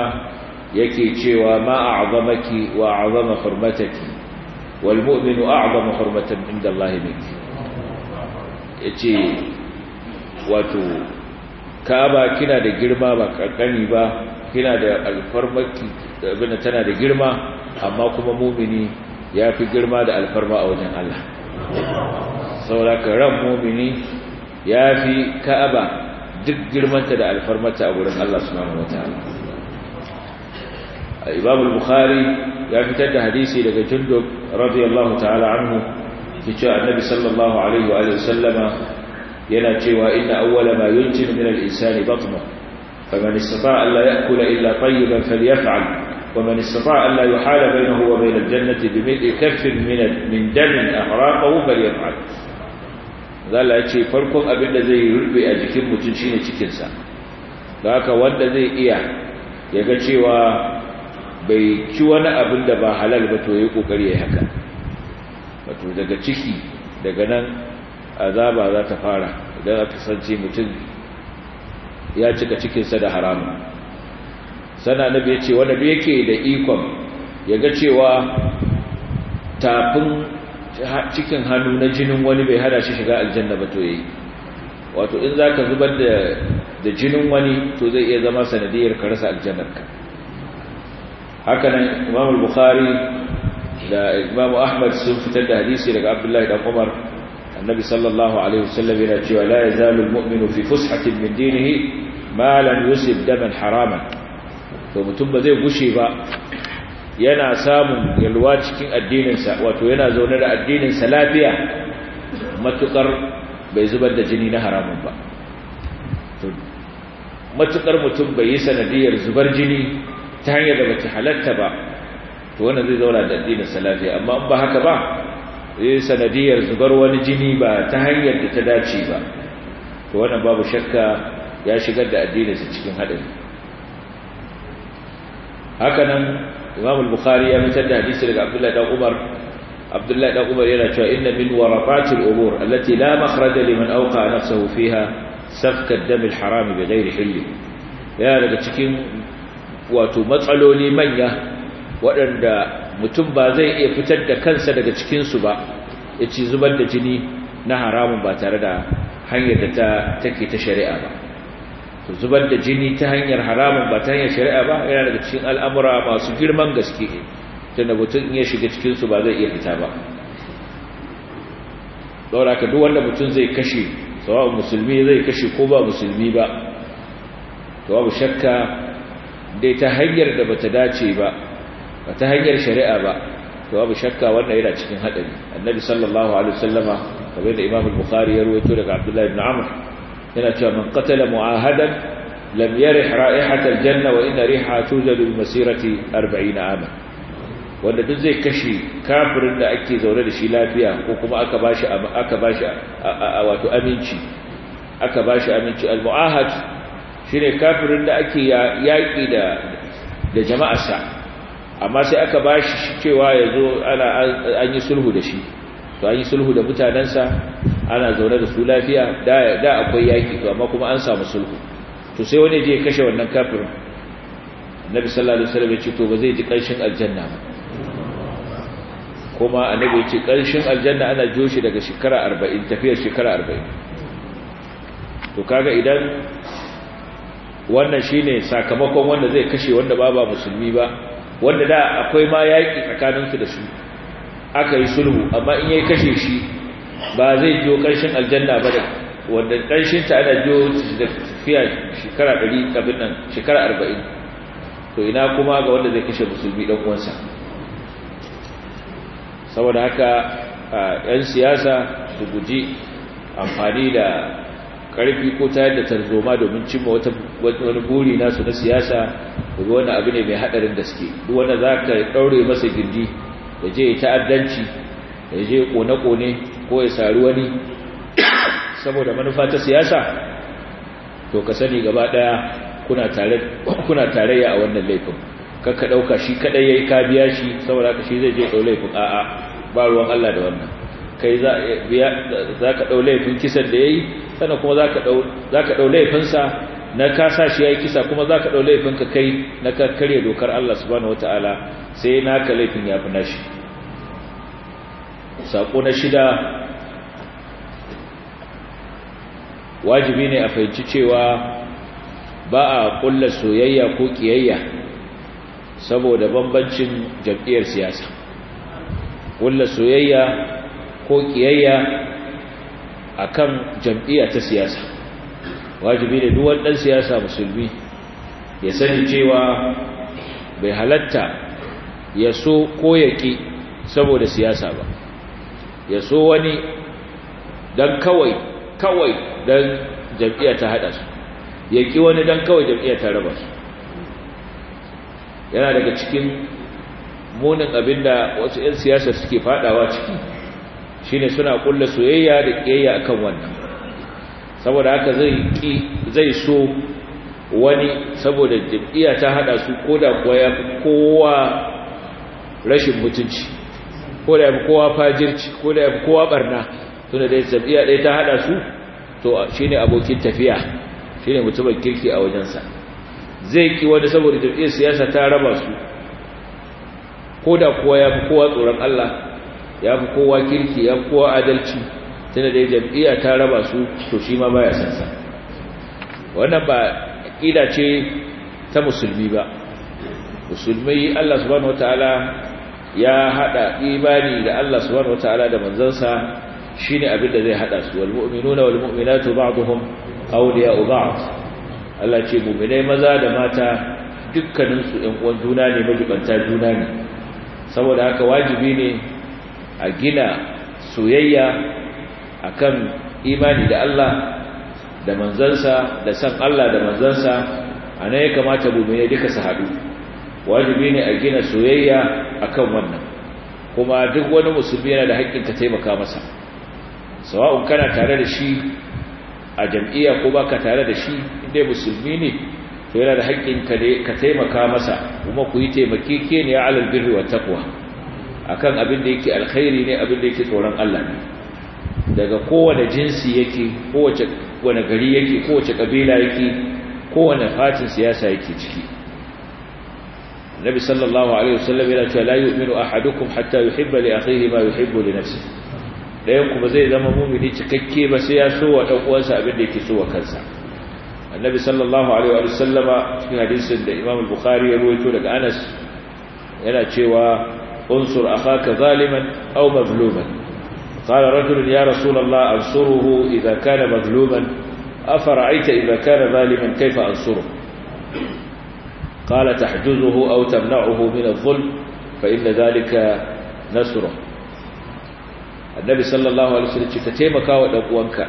yake cewa ma a'zamaki wa a'zama hurmataki wal mu'minu a'zamu hurmatan inda Allah minki yace wato kaba kina da girma ba kankani ba kina da alfarmaki abinda tana da girma amma kuma mumini ya fi girma da alfarma a wajen Allah sauraka ran mumini ya fi ka'aba duk girmanta da alfarmata a wurin Allah subhanahu wataala Imam al-Bukhari ya fitar da hadisi daga Jundub radiyallahu ta'ala anhu cewa Annabi sallallahu alaihi wa sallama yana cewa inna awwala ma yunjibu min al-insani batna faman istata'a an la ya'kula illa tayyiban falyaf'al ومن استطاع أن لا يحال بينه وبين الجنة بملء كف من min دم أحراقه فليفعل zala ya ce farkon abin da zai rube a jikin mutum shine ne cikinsa da haka wanda zai iya ya ga cewa bai ci wani abin da ba halal ba to ya yi ƙoƙari ya haka wato daga ciki daga nan azaba za ta fara idan aka sanci mutum ya cika cikinsa da haramun sana na biya ce wanda biya ke da ikon ya ga cewa tafin cikin hannu na jinin wani bai hada shi shiga aljanna ba to yi. wato in za ka zubar da jinin wani to zai iya zama sanadiyar ka rasa aljannarka Hakanan imamul bukhari da imamu Ahmad sun fitar da hadisi daga Abdullahi Dan Umar annabi sallallahu alaihi wasallam yana cewa la yazalu muminu fi fushatin min dinihi malam Yusuf yusib daman haraman mutum ba zai gushe ba yana samun yalwa cikin addininsa wato yana zaune da addininsa lafiya matukar bai zubar da jini na haramun ba matukar mutum bai yi sanadiyar zubar jini ta hanyar da bata halarta ba to wannan zai zauna da addinin salafiya amma in ba haka ba E sanadiyar zubar wani jini ba ta hanyar da ta dace ba to wannan babu shakka ya shigar da addininsa cikin haɗari hakanan imam al-bukhari ya fitar da hadisi daga abdullahi dan umar abdullahi dan umar yana cewa inna min warafatil umur allati la makhraja liman awqa nafsahu fiha safka ad-dam al-haram bighairi hilli yana daga cikin wato matsaloli manya waɗanda mutum ba zai iya fitar da kansa daga cikinsu ba ya ci zubar da jini na haramun ba tare da hanyar da ta take ta shari'a ba to zubar da jini ta hanyar haramun ba ta hanyar shari'a ba yana daga cikin al'amura masu girman gaske tunda mutum ya shiga cikinsu ba zai iya fita ba saboda ka duk wanda mutum zai kashe sawa'un musulmi zai kashe ko ba musulmi ba to babu shakka dai ta hanyar da bata dace ba ba ta hanyar shari'a ba to abu shakka wannan yana cikin hadari annabi sallallahu alaihi wasallama kamar da imam al-bukhari ya rawaito daga abdullahi ibn amr yana cewa man qatala mu'ahadan lam yarih ra'ihata al-janna wa inna riha tujadu bi masirati 40 ama wanda duk zai kashi kafirin da ake zaune da shi lafiya ko kuma aka bashi aka bashi wato aminci aka bashi aminci al-mu'ahad shine kafirin da ake yaƙi da da jama'arsa amma sai aka ba shi cewa ya zo an yi sulhu da shi to an yi sulhu da mutanensa ana zaune da su lafiya da akwai yaki to amma kuma an samu sulhu to sai wani je ya kashe wannan kafirin annabi sallallahu alaihi wasallam ya ce to ba zai ji karshen aljanna ba kuma annabi ya ce karshen aljanna ana jo shi daga shekara 40 tafiyar shekara 40 to kaga idan wannan shine sakamakon wanda zai kashe wanda ba ba musulmi ba wanda da akwai ma yaƙi tsakaninsu da su aka yi sulhu amma in ya kashe shi ba zai jiyo ƙarshen aljanna ba da wanda ƙarshen ta ana jiyo da fiya shekara 100 abin nan shekara 40 to ina kuma ga wanda zai kashe musulmi dan uwansa saboda haka yan siyasa su guji amfani da ƙarfi ko tayar da tarzoma domin cimma wani buri nasu na siyasa kuma wani abu ne mai haɗarin suke. duk wanda za ka ɗaure masa gindi da je ta'addanci da je kone-kone ko ya sari wani saboda manufa ta siyasa to ka sani gaba ɗaya kuna tarayya a wannan laifin kakka ɗauka shi kaɗai ya yi kabiya shi saboda haka shi zai je ɗau laifin a'a ba ruwan Allah da wannan kai za ka ɗau laifin kisan da ya yi sannan kuma za ka ɗau laifinsa na ka sa shi yayi kisa kuma zaka dau laifin ka kai na ka kare dokar Allah subhanahu wataala sai naka laifin ya fi nashi sako na shida wajibi ne a fahimci cewa ba a ƙulla soyayya ko kiyayya saboda bambancin jam'iyyar siyasa Ƙulla soyayya ko kiyayya akan jam'iyya ta siyasa wajibi ne duk wani siyasa musulmi ya sani cewa bai halatta ya so ko ya ƙi saboda siyasa ba ya so wani don kawai kawai don jam'iyya ta haɗa su ya ki wani don kawai jam'iyya ta raba su yana daga cikin munin abinda wasu 'yan siyasa suke faɗawa ciki shine suna ƙulla soyayya da kiyayya akan wannan saboda haka zai zai so wani saboda jam'iyya ta hada su koda kuwa ya fi kowa rashin mutunci koda ya fi kowa fajirci koda ya fi kowa barna tunda dai jam'iyya dai ta hada su to shine abokin tafiya shine mutumin kirki a wajensa zai ki wani saboda jam'iyyar siyasa ta raba su koda kuwa ya fi kowa tsoron Allah ya fi kowa kirki ya fi kowa adalci tunda da jam'iyya ta raba su to shi ma baya san wannan ba ƙida ce ta musulmi ba musulmi Allah subhanahu wataala ya haɗa imani da Allah subhanahu wataala da manzansa shine abin da zai haɗa su wal mu'minuna wal mu'minatu ba'dhum awliya'u ba'd Allah ce mu'minai maza da mata dukkaninsu ɗan uwan juna ne majibanta juna ne saboda haka wajibi ne a gina soyayya akan imani da Allah da manzansa da san Allah da manzansa ana ya kamata mu'mini duka su haɗu wajibi ne a gina soyayya akan wannan kuma duk wani musulmi yana da haƙƙin ka taimaka masa sawa'un kana tare da shi a jam'iyya ko ba ka tare da shi inda musulmi ne to yana da haƙƙin ka ne ka taimaka masa kuma ku yi taimakekeniya alal birri wa taqwa akan abin da yake alkhairi ne abin da yake tsoron Allah ne daga kowane jinsi yake kowace gari yake kowace kabila yake kowane fatin siyasa yake ciki Nabi sallallahu alaihi wasallam yana cewa la yu'minu ahadukum hatta yuhibba li akhihi ma yuhibbu li nafsihi dayan ku zai zama mu'mini cikakke ba sai ya so wa dan uwansa abin da yake so wa kansa Annabi sallallahu alaihi wasallama cikin hadisin da Imam al-Bukhari ya rawaito daga Anas yana cewa unsur akhaka zaliman aw mazluman قال رجل يا رسول الله أنصره إذا كان مظلوما أفرأيت إذا كان ظالما كيف أنصره قال تحجزه أو تمنعه من الظلم فإن ذلك نصره النبي صلى الله عليه وسلم كتيمك ودقوانك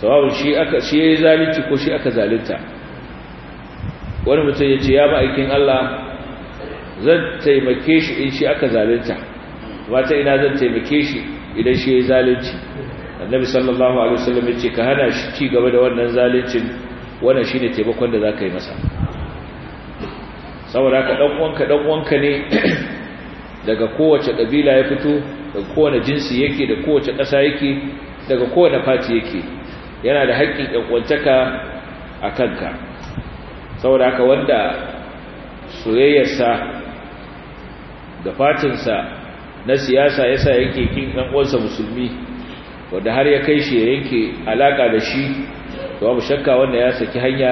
سواء شيء ذلك ko shi aka zalunta wani mutum ya ce ya ma'aikin Allah zan taimake shi in shi aka zalunta wata ina zan taimake shi idan shi ya zalunci annabi sallallahu alaihi wasallam ya ce ka hana shi ci gaba da wannan zaluncin wannan shine taimakon da zaka yi masa saboda ka dan uwanka dan uwanka ne daga kowace kabila ya fito daga kowane jinsi yake da kowace ƙasa yake daga kowace fati yake yana da haƙƙin ɗanƙwantaka a kanka saboda haka wanda soyayyarsa da fatinsa na siyasa yasa yake kin dan uwansa musulmi wanda har ya kai shi yake alaka da shi to babu shakka wanda ya saki hanya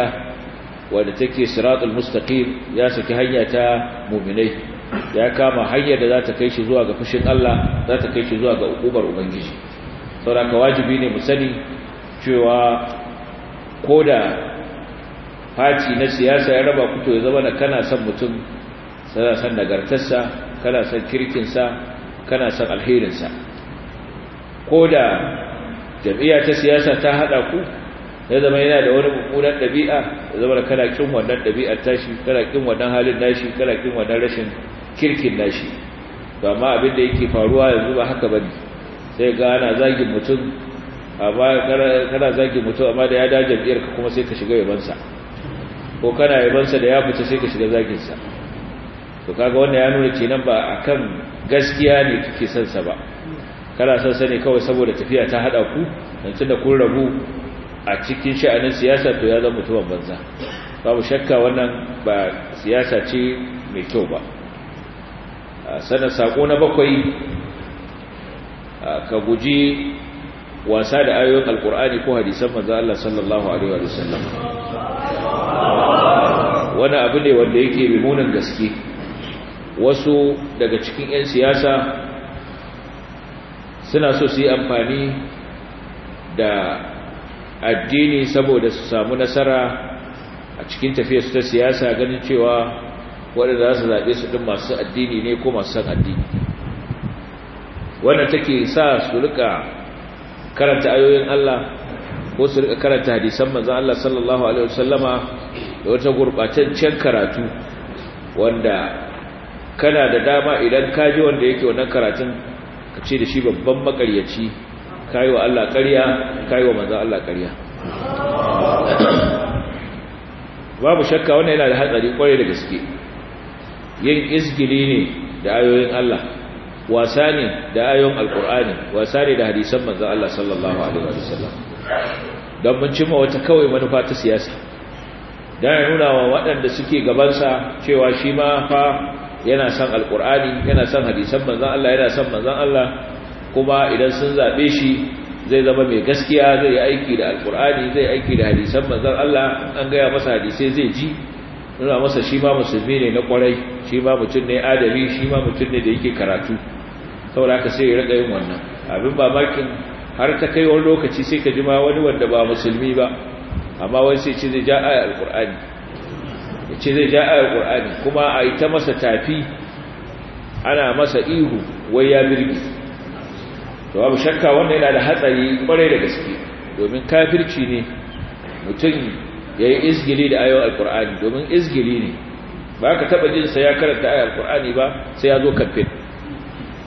wanda take siratul mustaqim ya saki hanya ta mu'minai ya kama hanyar da za ta kai shi zuwa ga fushin Allah za ta kai shi zuwa ga ukubar ubangiji saboda wajibi ne mu sani cewa koda fati na siyasa ya raba ku ya zama kana son mutum sana san nagartarsa kana san kirkinsa kana son alherinsa ko da jam'iyya ta siyasa ta haɗa ku ya zama yana da wani mummunan ɗabi'a ya zama kana kin wannan ɗabi'ar tashi kana kin wannan halin nashi kana kin wannan rashin kirkin nashi to amma abin da yake faruwa yanzu ba haka bane sai ga ana zagin mutum amma kana zagin mutum amma da ya da jam'iyyar ka kuma sai ka shiga yabansa ko kana yabansa da ya fita sai ka shiga zagin sa to kaga wannan ya nuna kenan ba akan gaskiya ne kike son sa ba kana son sa ne kawai saboda tafiya ta hada ku dan da kun rabu a cikin sha'anin siyasa to ya zama mutuwan banza babu shakka wannan ba siyasa ce mai kyau ba sanan sako na bakwai ka guji wasa da ayoyin alkur'ani ko hadisan manzo Allah sallallahu alaihi wa sallam wani abu ne wanda yake mimunan gaske wasu daga cikin 'yan siyasa suna so su yi amfani da addini saboda su samu nasara a cikin su ta siyasa ganin cewa waɗanda za su zaɓe su ɗin masu addini ne ko masu san addini wannan take sa su rika karanta ayoyin Allah ko su rika karanta hadisan manzon Allah sallallahu alaihi wasallama da wata gurbataccen karatu wanda kana da dama idan ka ji wanda yake wannan karatun ka ce da shi babban makaryaci yi wa Allah ƙarya yi wa manzan Allah ƙarya babu shakka wannan yana da hatsari kwarai da gaske yin izgili ne da ayoyin Allah wasa ne da ayoyin alkur'ani wasa ne da hadisan manzan Allah sallallahu alaihi wasallam don mun cimma wata kawai manufa ta siyasa don ya nuna wa waɗanda suke gabansa cewa shi ma fa yana son alkur'ani yana son hadisan manzan Allah yana son manzan Allah kuma idan sun zaɓe shi zai zama mai gaskiya zai yi aiki da alkur'ani zai yi aiki da hadisan manzan Allah an gaya masa hadisai zai ji nuna masa shi ma musulmi ne na kwarai shi ma mutum ne adami shi ma mutum ne da yake karatu saboda haka sai ya riƙa yin wannan abin mamakin har ta kai wani lokaci sai ka ji ma wani wanda ba musulmi ba amma wani sai ce zai ja aya alkur'ani ce zai ja ayar ƙur'ani kuma a yi ta masa tafi ana masa ihu wai ya birgi to abu shakka wanda yana da hatsari kwarai da gaske domin kafirci ne mutum ya yi izgili da ayar alkur'ani domin izgili ne ba ka taɓa jinsa ya karanta ayar alkur'ani ba sai ya zo kafin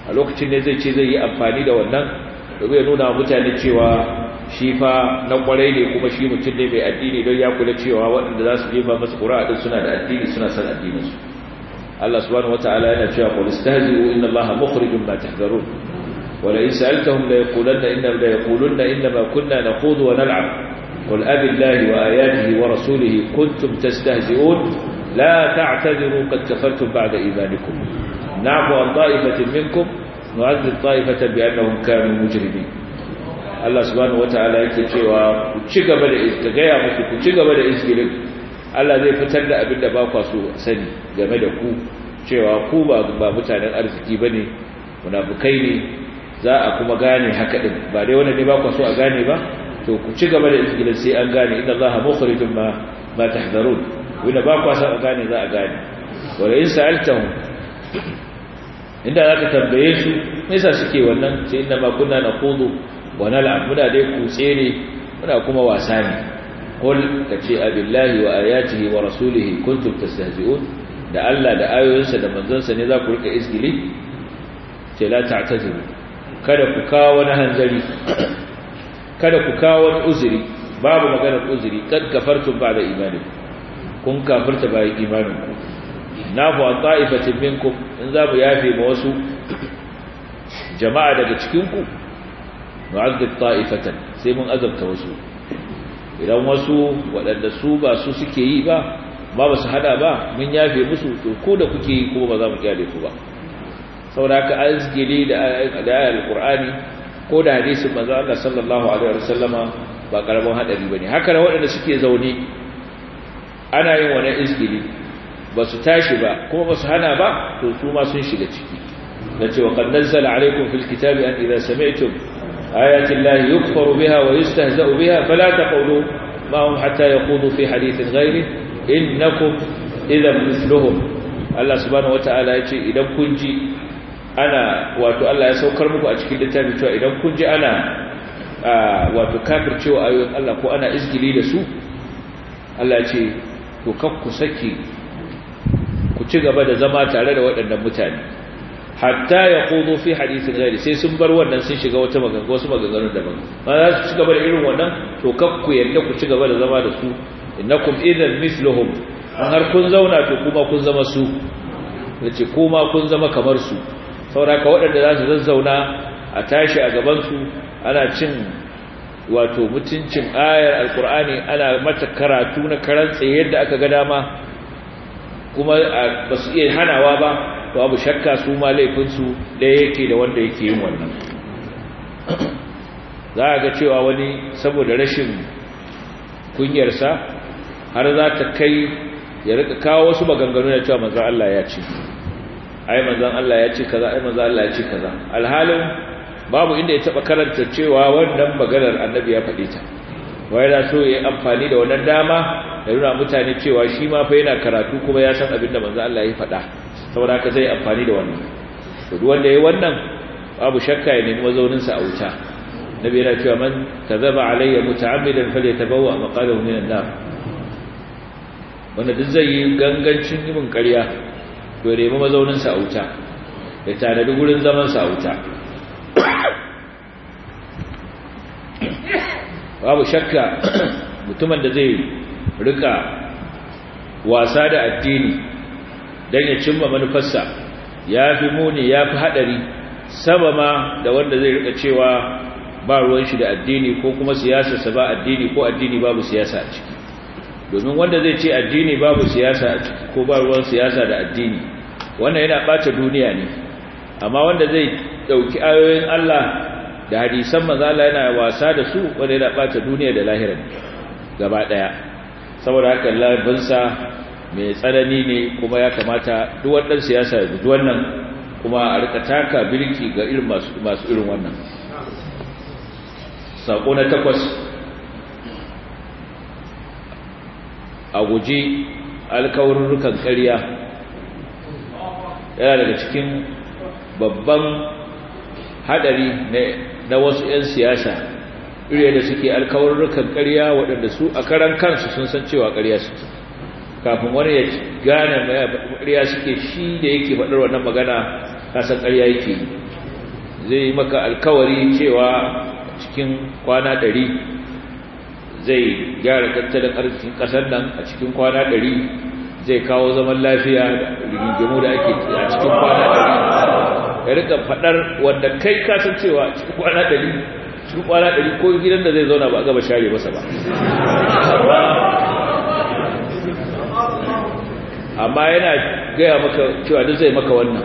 a lokacin ne zai ce zai yi amfani da wannan domin ya nuna mutane cewa shi fa na kwarai ne kuma shi mutum ne mai addini don ya kula cewa waɗanda za su jefa masa ƙura'a din suna da addini suna san addinin su Allah subhanahu wataala yana cewa qul istahzi'u inna Allaha mukhrijum ma tahzarun wa la in sa'altahum la yaqulanna inna la yaqulunna inna ma kunna naqudu wa nal'ab qul abi Allahi wa ayatihi wa rasulihi kuntum tastahzi'un la ta'tadiru qad kafartum ba'da imanikum na'fu al ta'ifatin minkum nu'adhib ta'ifatan bi'annahum kanu mujrimin Allah subhanahu wataala yake cewa ku ci gaba da ka gaya musu ku ci gaba da izgirin Allah zai fitar da abin da ba kwa so sani game da ku cewa ku ba ba mutanen arziki bane munafukai ne za a kuma gane haka din ba dai wannan ne ba kwa so a gane ba to ku ci gaba da izgirin sai an gane inna Allah mukhrijum ma ma tahdharun wanda ba kwa so a gane za a gane wala in sa'altahum inda za ka tambaye su me yasa suke wannan sai inna ma kunna naqudu Wani al’amuna dai kutse ne muna kuma wasa ne ce kace abillahi wa ayatihi wa rasulihi kuntum tastahzi'un da Allah da ayoyinsa da manzonsa ne za ku rika isgili ce la ta'tazilu kada ku kawo wani hanzari kada ku kawo wani uzuri babu magana uzuri kad kafartum ba'da imanikum kun kafirta bayan imaninku nafu an ta'ifatin minkum in za mu yafe ma wasu jama'a daga cikinku nu'azzib ta'ifatan sai mun azabta wasu idan wasu waɗanda su ba su suke yi ba ba ba su hada ba mun yafe musu to ko da kuke yi kuma ba za mu kyale ku ba saboda haka azgili da ayar alqur'ani ko da hadisi manzo Allah sallallahu alaihi wasallama ba karamin hadari bane haka waɗanda suke zaune ana yin wani izgili ba su tashi ba kuma ba su hana ba to su ma sun shiga ciki da cewa qad nazzala alaikum fil kitabi an idza sami'tum آيات الله يكفر بها ويستهزأ بها فلا تقولوا معهم حتى يقودوا في حديث غيره إنكم إذا مثلهم الله سبحانه وتعالى يجي إذا كنت أنا واتو الله يسوكر مكو أجكيل التابع إذا كنت أنا واتو كافر تشوى أيوة الله كو أنا لي لسو الله يجي وكفك سكي ku ci زمات على الوقت أن da hatta ya kudu fi hadisin gari sai sun bar wannan sun shiga wata maganganu su maganganu daban ba za su ci gaba da irin wannan to kakku yadda ku ci gaba da zama da su innakum idan misluhum an har kun zauna to kuma kun zama su yace kuma kun zama kamar su sauraka waɗanda za su zazzauna a tashi a gaban su ana cin wato mutuncin ayar alkur'ani ana mata karatu na karantsa yadda aka ga dama kuma ba su iya hanawa ba babu shakka su ma laifinsu ɗaya yake da wanda yake yin wannan za a ga cewa wani saboda rashin kunyarsa har za ta kai ya rika kawo wasu maganganu na cewa manzan Allah ya ce ai manzan Allah ya ce kaza ai manzan Allah ya ce kaza alhalin babu inda ya taba karanta cewa wannan maganar annabi ya faɗi ta wai yana so yi amfani da wannan dama ya nuna mutane cewa shi ma fa yana karatu kuma ya san abin da manzan Allah ya faɗa saboda haka zai amfani da wannan to duk wanda yayi wannan babu shakka ya nemi mazauninsa a wuta nabi yana cewa man kadhaba alayya muta'ammidan falyatabawwa maqalahu minan nar wanda duk zai yi gangancin yin ƙarya to ya nemi mazauninsa a wuta ya tanadi gurin zaman sa a wuta babu shakka mutumin da zai rika wasa da addini don ya cimma manufarsa ya fi muni ya fi haɗari sama ma da wanda zai rika cewa ba ruwan shi da addini ko kuma siyasarsa ba addini ko addini babu siyasa a ciki domin wanda zai ce addini babu siyasa a ciki ko ba ruwan siyasa da addini wannan yana ɓata duniya ne amma wanda zai ɗauki ayoyin Allah da hadisan mazala yana wasa da su wanda yana ɓata duniya da lahirar gaba ɗaya saboda haka lafinsa mai tsanani ne kuma ya kamata duk wannan siyasa ya guji wannan kuma a rika taka birki ga irin masu irin wannan sako na takwas a guji rukan ƙarya yana daga cikin babban haɗari na wasu 'yan siyasa irin da suke rukan ƙarya waɗanda su a karan kansu sun san cewa ƙarya suke kafin wani ya gane mai ƙarya suke shi da yake faɗar wannan magana kasan ƙarya yake yi zai maka alkawari cewa cikin kwana ɗari zai gyara tattalin arzikin ƙasar nan a cikin kwana ɗari zai kawo zaman lafiya da rigingimu da ake a cikin kwana ɗari ya rika faɗar wanda kai kasan cewa cikin kwana ɗari cikin kwana ɗari ko gidan da zai zauna ba a gaba share masa ba amma yana gaya maka cewa duk zai maka wannan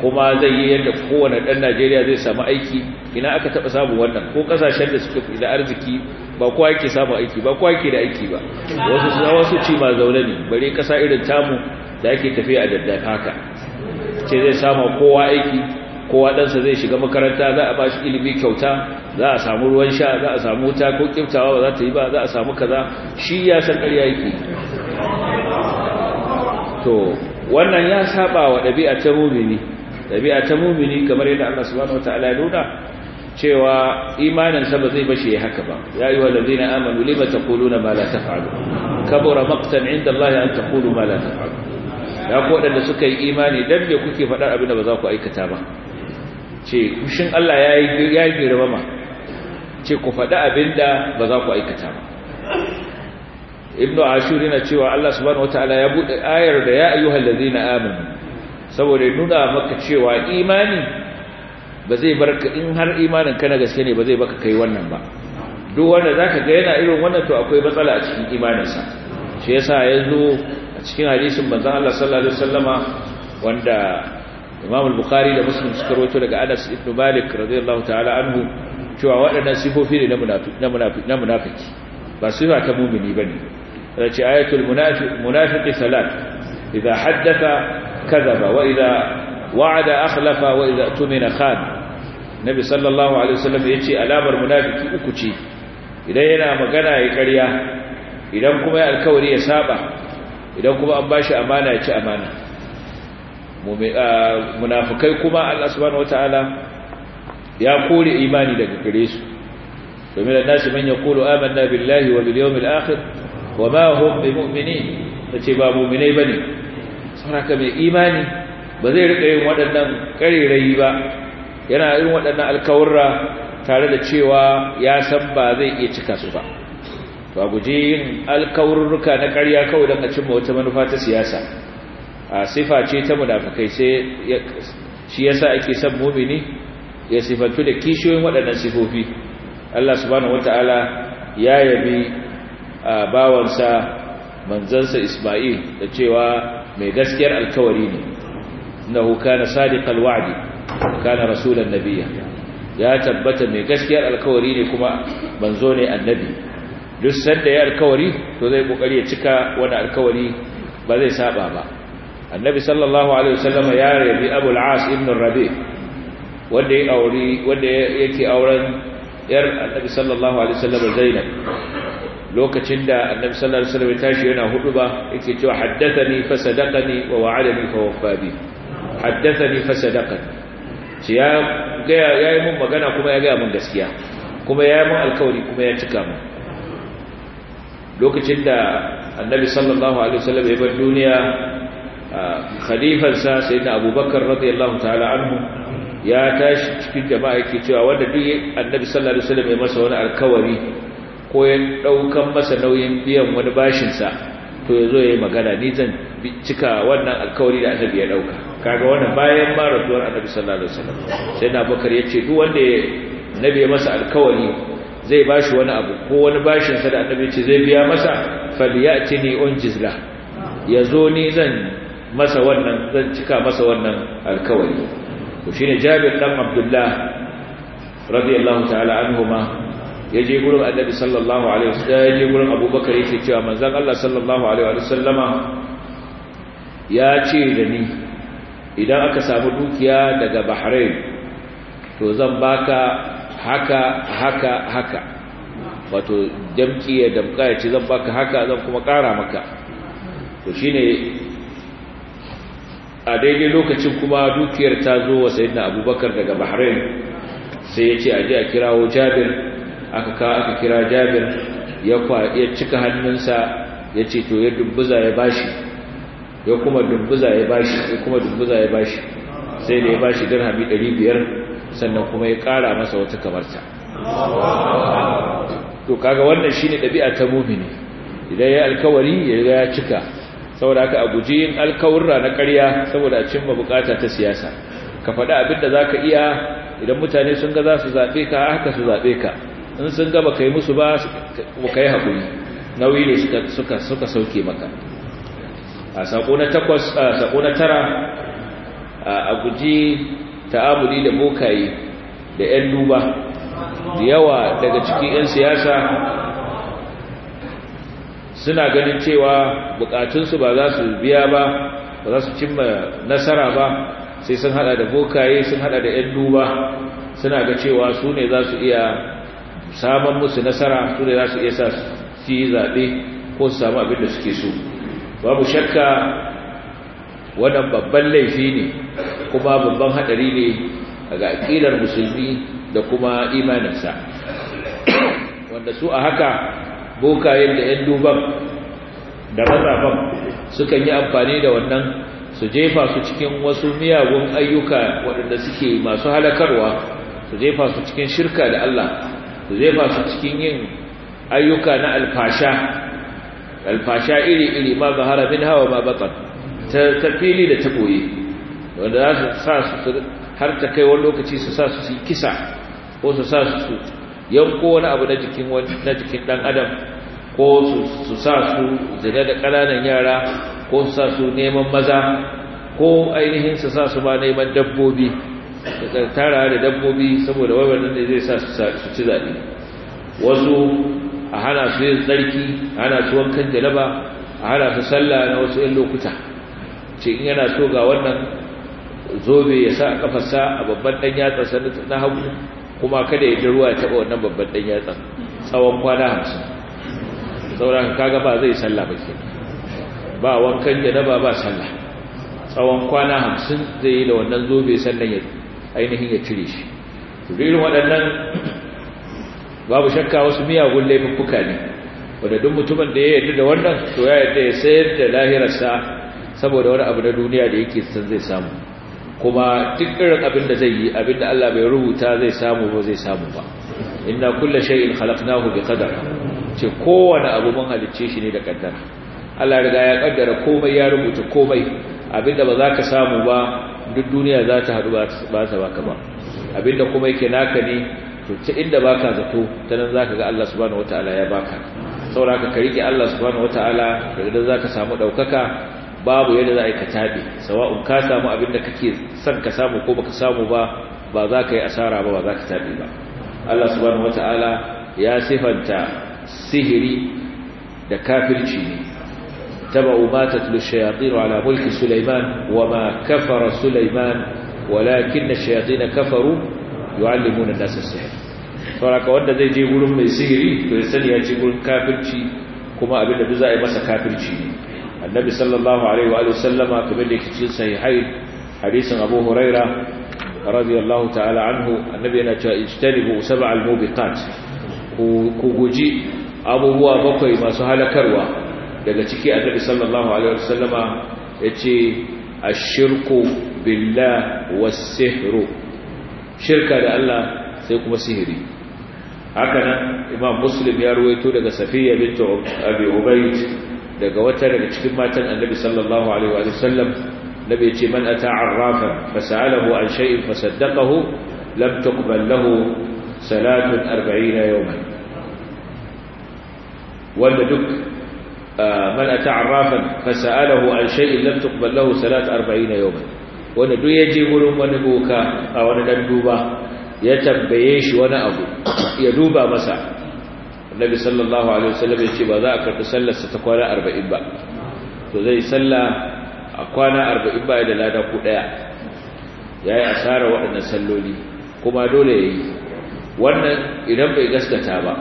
kuma zai yi yadda kowane ɗan najeriya zai samu aiki ina aka taɓa samun wannan ko ƙasashen da suke da arziki ba kowa yake samun aiki ba kowa yake da aiki ba wasu wasu ci ma zaune ne bare ƙasa irin tamu da ake tafiya a daddaka haka ce zai samu kowa aiki kowa ɗansa zai shiga makaranta za a ba ilimi kyauta za a samu ruwan sha za a samu wuta ko kiftawa ba za ta yi ba za a samu kaza shi ya san ƙarya yake to wannan ya saba wa ɗabi'a ta mumini ɗabi'a ta mumini kamar yadda Allah subhanahu wataala ya nuna cewa imanin sa ba zai bashi haka ba ya ayyuha allazina amanu lima taquluna ma la taf'alu kabura maqtan inda Allah an taqulu ma la taf'alu ya ku wadanda suka yi imani dan me kuke faɗar abin da ba za ku aikata ba ce kushin Allah ya yi girma ce ku faɗi abin da ba za ku aikata ba ibnu ashur yana cewa Allah subhanahu wataala ya bude ayar da ya ayyuhal ladina amanu saboda nuna maka cewa imani ba zai barka in har imanin ka na gaske ne ba zai baka kai wannan ba duk wanda zaka ga yana irin wannan to akwai matsala a cikin imaninsa shi yasa yazo a cikin hadisin manzon Allah sallallahu alaihi wasallama wanda Imam al-Bukhari da Muslim suka rawaito daga Anas ibn Malik radiyallahu ta'ala anhu cewa waɗannan sifofi ne na munafiki na munafiki ba sifa ta mumini bane ce ayatul munafiqi salat idza haddatha kadhaba wa idza wa'ada akhlafa wa idza tumina khan nabi sallallahu alaihi wasallam yace alamar munafiki uku ce idan yana magana ya ƙarya idan kuma ya alkawari ya saba idan kuma an bashi amana ya ci amana munafikai kuma Allah subhanahu ya kore imani daga gare domin da nasu man amanna billahi wa bil yawmil wa ma hum bi mu'minin tace ba mu'minai bane saboda mai imani ba zai rika yin waɗannan ƙarerayi ba yana irin waɗannan alkawarra tare da cewa ya san ba zai iya cika su ba to a guji yin alkawarruka na ƙarya kawai don a cimma wata manufa ta siyasa a sifa ce ta munafikai sai shi yasa ake san mumini ya sifantu da kishiyoyin waɗannan sifofi Allah subhanahu wata'ala ya yabi bawansa manzansa Isma'il da cewa mai gaskiyar alkawari ne innahu kana sadiqal wa'di kana rasulun nabiya ya tabbata mai gaskiyar alkawari ne kuma manzo ne annabi duk sanda ya alkawari to zai kokari ya cika wani alkawari ba zai saba ba annabi sallallahu alaihi wasallam ya rabi abul as ibn rabi wanda ya aure wanda yake auren yar annabi sallallahu alaihi wasallam zainab lokacin da annabi sallallahu alaihi wasallam ya tashi yana hudu huduba yake cewa haddathani fa sadaqani wa wa'adani fa wafabi haddathani fa sadaqani shi ya ga yayi mun magana kuma ya ga mun gaskiya kuma yayi mun alkawari kuma ya cika mun lokacin da annabi sallallahu alaihi wasallam ya bar duniya khalifansa sayyidina abubakar radiyallahu ta'ala anhu ya tashi cikin jama'a yake cewa wanda duk annabi sallallahu alaihi wasallam ya masa wani alkawari Koyan ya ɗaukan masa nauyin biyan wani bashinsa to ya zo ya yi magana ni zan cika wannan alkawari da annabi ya ɗauka kaga wannan bayan mara rasuwar annabi sallallahu alaihi wasallam sai na bakar ya ce duk wanda ya nabi masa alkawari zai bashi wani abu ko wani bashin sa da annabi ce zai biya masa faliyati ni unjizla ya zo ni zan masa wannan zan cika masa wannan alkawari to shine Jabir dan Abdullah radiyallahu ta'ala anhuma ya je gurin annabi sallallahu alaihi wasallam ya je gurin abubakar yake cewa manzon Allah sallallahu alaihi wasallama ya ce da ni idan aka samu dukiya daga bahrain to zan baka haka haka haka wato damki ya damka ya ce zan baka haka zan kuma kara maka to shine a daidai lokacin kuma dukiyar ta zo wa sayyidina abubakar daga bahrain sai ya ce a je a kirawo jabir aka kawo aka kira jabir ya ya cika hannunsa ya ce to ya dubbuza ya bashi ya kuma dubbuza ya bashi ya kuma dubbuza ya bashi sai da ya bashi dirhami 500 sannan kuma ya kara masa wata kamarta to kaga wannan shine ɗabi'a ta mu'mini idan ya alkawari ya riga ya cika saboda haka a guji yin alkawurra na ƙarya saboda a cimma bukata ta siyasa ka faɗi abin da zaka iya idan mutane sun ga za su zaɓe ka haka su zaɓe ka in sun gaba kai musu ba kai haƙuri nauyi ne suka sauke maka a sako na na tara a guji ta'amuli da bokaye da 'yan duba da yawa daga cikin 'yan siyasa suna ganin cewa bukatunsu ba za su biya ba ba za su cimma nasara ba sai sun hada da bokaye sun hada da 'yan duba suna ga cewa su ne za su iya saman musu nasara su ne za su iya sa su yi zaɓe ko su samu abin suke so babu shakka wannan babban laifi ne kuma babban haɗari ne ga aƙidar musulmi da kuma imaninsa wanda su a haka bokayen da 'yan duban da mazafan sukan yi amfani da wannan su jefa su cikin wasu miyagun ayyuka waɗanda suke masu halakarwa su jefa su cikin shirka da Allah zai ba su cikin yin ayyuka na alfasha alfasha iri-iri ma zahara min hawa ma batsar ta fili da ta boye wanda za su sa su har ta kai wani lokaci su sa su kisa ko su sa su yanko wani abu na jikin na dan adam ko su sa su zina da ƙananan yara ko su sa su neman maza ko ainihin su sa su ba neman dabbobi da tara da dabbobi saboda wabannin da zai sa su ci zaɓe wasu a hana su yin tsarki a hana su wankan jalaba a hana su sallah na wasu yin lokuta ce in yana so ga wannan zobe ya sa a kafarsa a babban ɗan yatsa na hagu kuma kada ya ji ruwa ya taɓa wannan babban ɗan yatsa tsawon kwana hamsin sauran kaga ba zai sallah ba ke ba wankan janaba ba sallah tsawon kwana hamsin zai yi da wannan zobe sannan ya ainihin ya cire shi to waɗannan babu shakka wasu miyagun laifuffuka ne wadda duk mutumin da ya yarda da wannan to ya yarda ya sayar da lahirarsa saboda wani abu na duniya da yake san zai samu kuma duk irin abin da zai yi abin da Allah bai rubuta zai samu ba zai samu ba inna kullu shay'in khalaqnahu biqadar ce kowane abu mun halicce shi ne da kaddara Allah riga ya kaddara komai ya rubuta komai abinda ba za ka samu ba duk duniya za ta haɗu ba ta baka ba abinda kuma yake naka ne to ta inda baka zato ta nan za ka ga Allah subhanahu ta'ala ya baka saboda ka rike Allah subhanahu wataala daga ka samu ɗaukaka babu yadda za a yi ka tabe sawa'un ka samu abinda kake son ka samu ko baka samu ba ba za ka yi asara ba ba za ka tabe ba Allah subhanahu ta'ala ya sifanta sihiri da kafirci ne اتبعوا ماتت الشياطين على ملك سليمان وما كفر سليمان ولكن الشياطين كفروا يعلمون الناس السحر فراك وانا زي يقول امي سيري في السنه يقول كافر شي كما ابي النبي بس كافر شي النبي صلى الله عليه واله وسلم كما في ملك صحيحين حديث ابو هريره رضي الله تعالى عنه النبي انا اجتنبوا سبع الموبقات كوجي ابو هو بقي ما سهل كروه daga ciki annabi sallallahu alaihi wasallama yace ashirku billah was-sihru shirka da Allah sai kuma sihiri haka nan imam muslim ya ruwaito daga safiya bint abi ubayd daga wata daga cikin matan annabi sallallahu alaihi wasallam nabi yace man ata fasalahu an shay'in fasaddaqahu lam tuqbal lahu salatun 40 yawman wanda duk man ata arrafan fasalahu an shay'in lam tuqbal lahu salat 40 yawman wanda duk ya je gurin wani boka a wani dan duba ya tambaye shi wani abu ya duba masa annabi sallallahu alaihi wasallam ya ce ba za a karɓi sallarsa ta kwana 40 ba to zai salla a kwana 40 ba da lada ku daya yayi asara waɗannan salloli kuma dole yayi wannan idan bai gaskata ba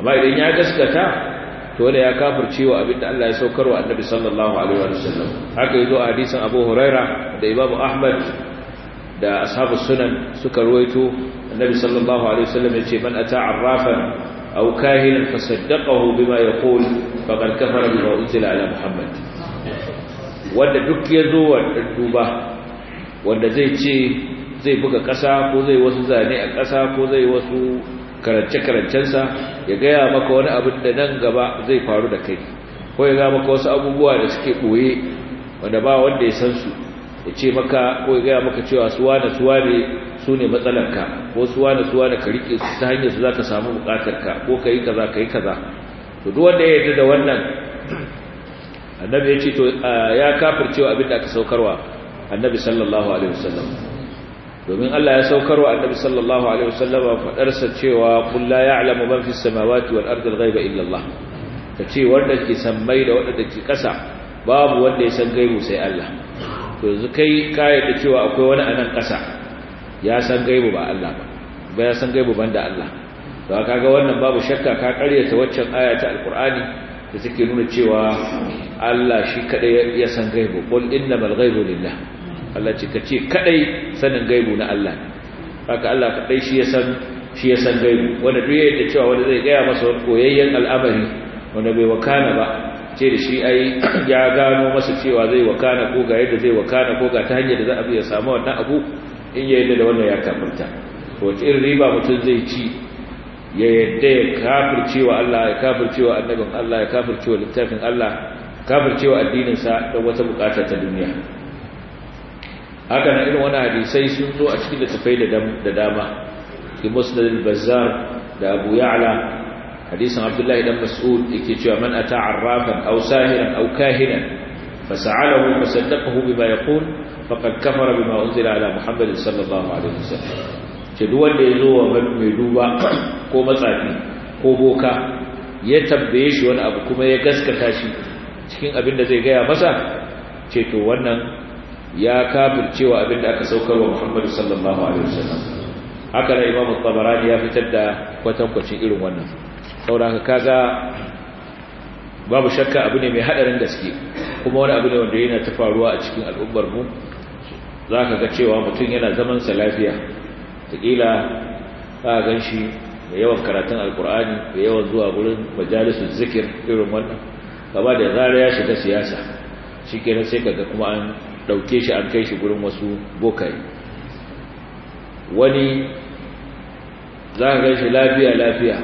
amma idan ya gaskata to ya kafirce wa abin da Allah ya saukar wa annabi sallallahu alaihi wa sallam haka yazo a hadisin Abu Huraira da Imam Ahmad da ashabus sunan suka ruwaito annabi sallallahu alaihi wa sallam yace man ata arrafan aw kahilan fasaddaqahu bima yaqul faqad kafara bima unzila ala Muhammad wanda duk yazo wa duba wanda zai ce zai buga ƙasa ko zai wasu zane a ƙasa ko zai wasu karance-karancensa ya gaya maka wani abin da nan gaba zai faru da kai ko ya gaya maka wasu abubuwa da suke ɓoye wanda ba wanda ya san su ya ce maka ko ya gaya maka cewa suwa na suwa ne su ne matsalarka ko suwa na suwa da ka riƙe su ta hanyar su za ka samu bukatarka ko ka yi kaza ka yi kaza to duk wanda ya yarda da wannan annabi ya ce to ya kafircewa abin da aka saukarwa annabi sallallahu alaihi wasallam domin Allah ya saukar wa annabi sallallahu alaihi wasallama fadarsa cewa qul la ya'lamu man fis samawati wal ardi al ghaiba illa Allah ce wanda ke sammai da wanda ke kasa babu wanda ya san gaibu sai Allah to yanzu kai ka cewa akwai wani anan kasa ya san gaibu ba Allah ba ba ya san gaibu banda Allah to kaga wannan babu shakka ka karyata waccan aya ta alqur'ani da take nuna cewa Allah shi kadai ya san gaibu qul innamal ghaibu lillah Allah ce ka ce kadai sanin gaibu na Allah haka Allah kadai shi ya san shi ya san gaibu wanda duk da cewa wanda zai gaya masa koyayyen al'amari wanda bai wakana ba ce da shi ai ya gano masa cewa zai wakana ko ga yadda zai wakana ko ga ta hanyar da za a bi ya samu wannan abu in ya yadda da wannan ya kafirta to wace irin riba mutum zai ci ya yadda ya kafircewa Allah ya kafircewa annabin Allah ya kafircewa littafin Allah kafircewa addinin sa da wata bukata ta duniya haka na irin wani hadisai sun zo a cikin littafai da dama ki musnad Bazar da abu ya'la hadisin abdullahi dan mas'ud yake cewa man ata arrafan aw sahiran aw kahinan fas'alahu fasaddaqahu bima yaqul faqad kafara bima unzila ala muhammad sallallahu alaihi wasallam ce duk wanda ya zo wa mai duba ko matsafi ko boka ya tambaye shi wani abu kuma ya gaskata shi cikin abin da zai gaya masa ce to wannan ya kafircewa cewa abinda aka saukar wa Muhammadu sallallahu alaihi wasallam haka da Imam Tabarani ya fitar da kwatankwacin irin wannan saboda haka kaga babu shakka abu ne mai hadarin gaske kuma wani abu ne wanda yana ta faruwa a cikin al'ummar mu zaka ga cewa mutum yana zaman sa lafiya takila ka ganshi da yawan karatun alkur'ani da yawan zuwa gurin majalisun zikir irin wannan gaba da zara ya shiga siyasa shi kenan sai ga kuma an ɗauke shi an kai shi gurin wasu bokai wani za ka gaishe lafiya-lafiya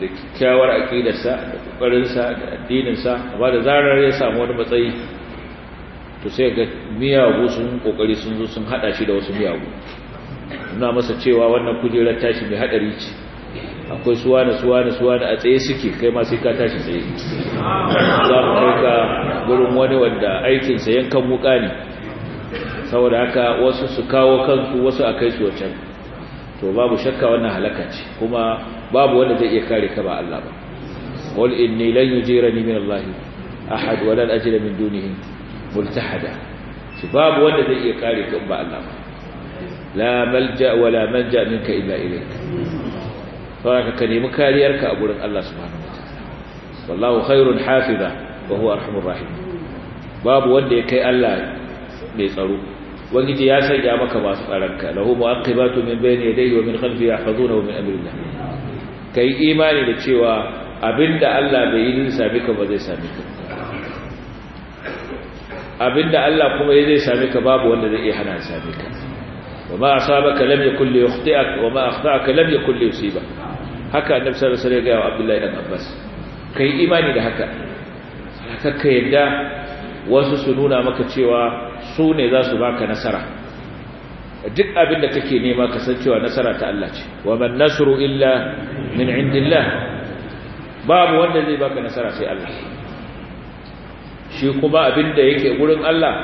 da kyakkyawar aƙidarsa da ƙoƙarinsa da addininsa amma da zarar ya samu wani matsayi to sai ga miyagu sun ƙoƙari sun zo sun haɗa shi da wasu miyagu suna masa cewa wannan kujerar tashi mai haɗari ce akwai suwa suwa na suwa na a tsaye suke kai ma sai ka tashi tsaye za mu kai ka gurin wani wanda aikinsa yankan wuƙa ne saboda haka wasu su kawo kansu wasu a kai su wacan to babu shakka wannan halaka kuma babu wanda zai iya kare ka ba Allah ba qul inni lan yujirani min Allah ahad wa lan ajida min dunihi multahada shi babu wanda zai iya kare ka ba Allah ba la malja wa la manja minka illa ilayk saboda ka nemi kariyarka a gurin Allah subhanahu wataala wallahu khairun hafiza wa huwa arhamur rahim babu wanda ya kai Allah mai tsaro ubangiji ya sanya maka masu tsaranka lahu mu'aqibatu min bayni yadayhi wa min khalfihi yahfazunahu min amrillah kai imani da cewa abinda Allah bai yi sami ka ba zai sami ka abinda Allah kuma zai sami ka babu wanda zai iya hana sami ka wa ma asabaka lam yakul li yukhti'ak wa ma akhta'aka lam yakul li yusiba haka annabi sallallahu alaihi wasallam ya ga Abdullahi dan Abbas kai imani da haka haka ka yadda wasu su nuna maka cewa su ne za su baka nasara duk abin da kake nema ka san cewa nasara ta Allah ce wa man nasru illa min indillah babu wanda zai baka nasara sai Allah shi kuma abin da yake gurin Allah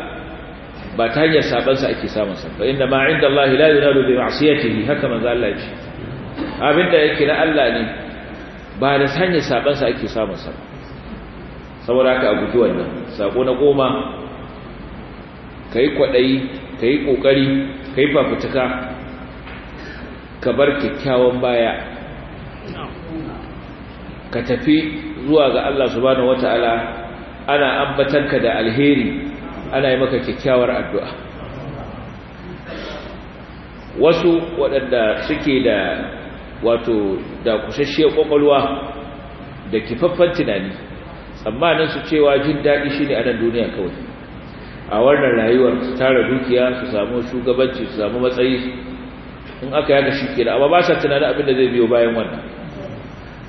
ba ta hanyar saban sa ake samun sa fa inna ma inda Allah la yunalu bi ma'siyatihi haka manzo Allah ya ce abin da yake na Allah ne ba da hanyar saban sa ake samun sa saboda haka a guji wannan sako na goma ka yi kwaɗayi ka yi ƙoƙari ka yi fafutuka ka bar kyakkyawan baya ka tafi zuwa ga Allah subhanahu wata'ala ana ambatanka da alheri ana yi maka kyakkyawar addu'a wasu waɗanda suke da wato da kusasshe ƙwaƙwalwa da kifaffen tunani tsammanin su cewa jin daɗi shi ne a nan duniya kawai a wannan rayuwar su tara dukiya su samu shugabanci su samu matsayi in aka yaka shi kenan amma ba sa tunanin abin da zai biyo bayan wannan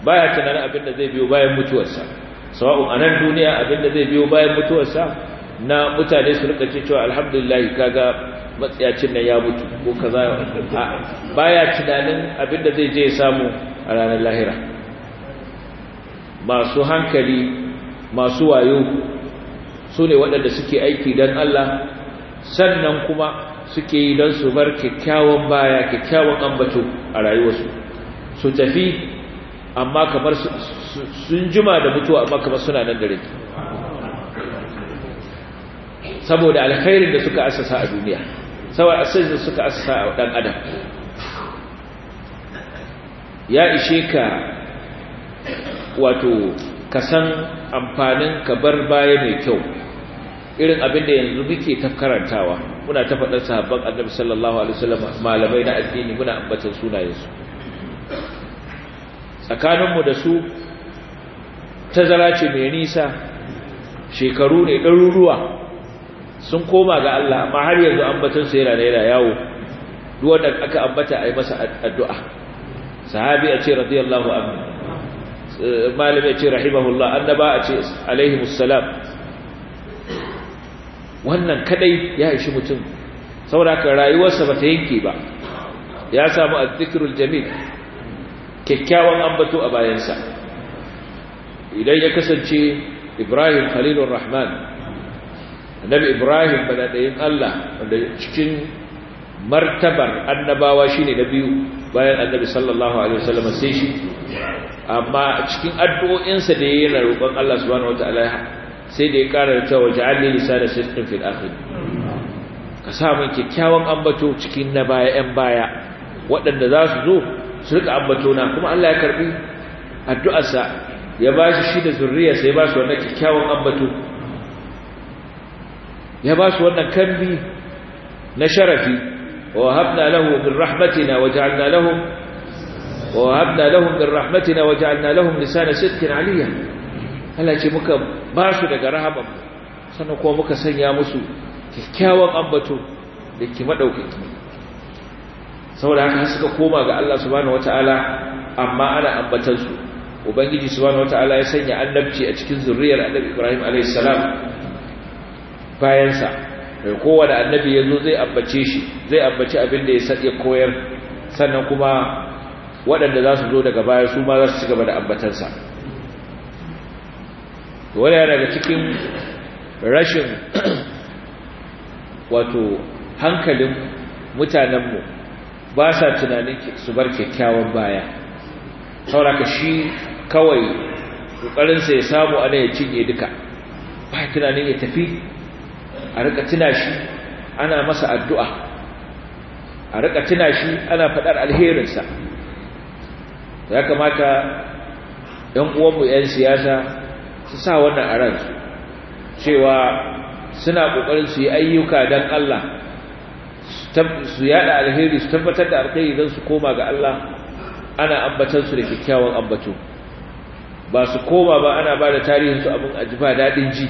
baya tunanin abin da zai biyo bayan mutuwarsa sawa'un a nan duniya abin da zai biyo bayan mutuwarsa na mutane su rika cewa alhamdulillah kaga matsayacin nan ya mutu ko kaza baya tunanin abin da zai je ya samu a ranar lahira masu hankali masu wayo su ne waɗanda suke aiki don Allah sannan kuma suke yi don su bar kyakkyawan baya kyakkyawan ambato a rayuwarsu su tafi amma kamar sun jima da mutuwa amma kamar suna nan da rai saboda alkhairin da suka asasa a duniya saboda asirin da suka asasa a ɗan adam ya ishe ka wato ka san amfanin ka bar baya mai kyau irin abin da yanzu muke ta karantawa muna ta faɗar sahabban annabi sallallahu alaihi wasallam malamai na addini muna ambatan sunayensu tsakaninmu da su tazara ce mai nisa shekaru ne ɗaruruwa sun koma ga Allah amma har yanzu su yana da yana yawo da aka ambata a yi masa addu'a sahabi a ce radiyallahu anhu malami a ce rahimahullah annaba a ce alaihi musallam wannan kadai ya ishi mutum saboda ka rayuwarsa ba ta yanke ba ya samu azzikirul jamil kyakkyawan ambato a bayansa idan ya kasance ibrahim khalilur rahman annabi ibrahim bana dayin allah wanda cikin martabar annabawa shine na biyu bayan annabi sallallahu alaihi wasallam sai shi amma cikin addu'o'insa da yayin roƙon Allah subhanahu wataala sai da ya ƙara da cewa ja'alni lisana sidqin fil akhir ka sa mun kyakkyawan ambato cikin na baya ƴan baya waɗanda za su zo su rika ambato na kuma Allah ya karbi addu'arsa ya bashi shi da zurriya sai ba su wannan kyakkyawan ambato ya ba su wannan kambi na sharafi wa habna lahu min rahmatina wa ja'alna lahum wa habna lahum min rahmatina wa ja'alna lahum lisana sidqin aliyya Allah ce muka ba su daga rahaman sannan kuma muka sanya musu kyakkyawan ambato da ke madaukaki saboda haka suka koma ga Allah subhanahu wataala amma ana ambatan su ubangiji subhanahu wataala ya sanya annabci a cikin zuriyar annabi Ibrahim alayhi salam bayan sa kowanne annabi yazo zai ambace shi zai ambaci abin da ya koyar sannan kuma waɗanda za su zo daga baya su ma za su ci gaba da ambatansa wani yana daga cikin rashin wato hankalin mutanenmu ba sa tunanin su bar kyakkyawan baya sauraka shi kawai ƙoƙarinsa ya samu ana ya cinye duka ba tunanin ya tafi a rika tuna shi ana masa addu'a a rika tuna shi ana faɗar alherinsa ya kamata ‘yan uwanmu ‘yan siyasa su sa wannan a ransu cewa suna ƙoƙarin su yi ayyuka don Allah su yada alheri su tabbatar da alheri don su koma ga Allah ana ambatan su da kyakkyawan ambato ba su koma ba ana ba da tarihinsu abin a ba daɗin ji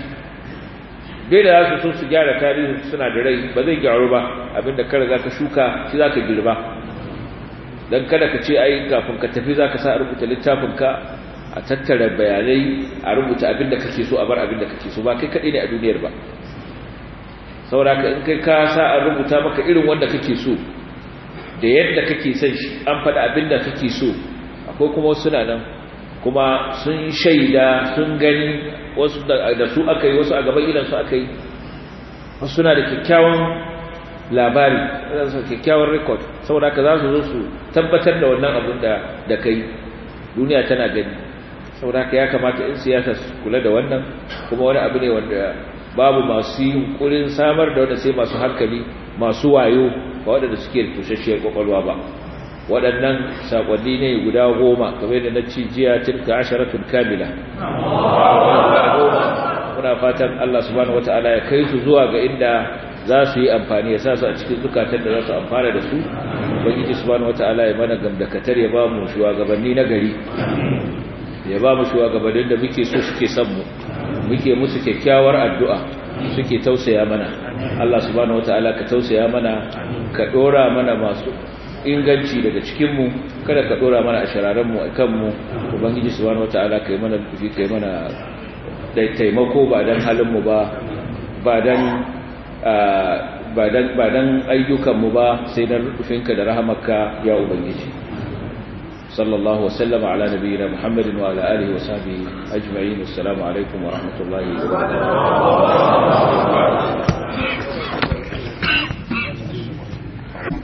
dai da za su so su gyara su suna da rai ba zai gyaru ba abinda kare za ka shuka shi za ka girba don kada ka ce ai kafin ka tafi za ka sa rubuta littafin ka. a tattara bayanai a rubuta abin da kake so a bar abin da kake so ba kai kaɗai ne a duniyar ba sauraka in kai ka sa a rubuta maka irin wanda kake so da yadda kake son shi an faɗa abin da kake so akwai kuma wasu na nan kuma sun shaida sun gani wasu da su aka yi wasu a gaban su aka yi wasu suna da kyakkyawan labari da kyakkyawan rekod saboda ka za su zo su tabbatar da wannan abin da kai duniya tana gani saboda ya kamata in siyasa su kula da wannan kuma wani abu ne wanda babu masu yunkurin samar da wanda sai masu hankali masu wayo ba wadanda suke tushasshiyar kwakwalwa ba waɗannan saƙonni ne guda goma game da na ci jiya tun ka tilka tun kamila muna fatan Allah subhanahu wata'ala ya kai su zuwa ga inda za su yi amfani ya sa su a cikin zukatan da za su amfana da su ubangiji subhanahu wata'ala ya mana gamdakatar ya ba mu shugabanni na gari ya ba mu shugabannin da muke so suke san mu muke musu kyakkyawar addu'a suke tausaya mana Allah subhanahu wataala ka tausaya mana ka dora mana masu inganci daga cikinmu kada ka dora mana a shararenmu a kanmu ubangiji subhanahu wataala kai mana kufi kai mana da taimako ba dan halinmu ba ba dan ba dan ayyukanmu ba sai dan rufinka da rahamarka ya ubangiji صلى الله وسلم على نبينا محمد وعلى آله وصحبه أجمعين والسلام عليكم ورحمة الله وبركاته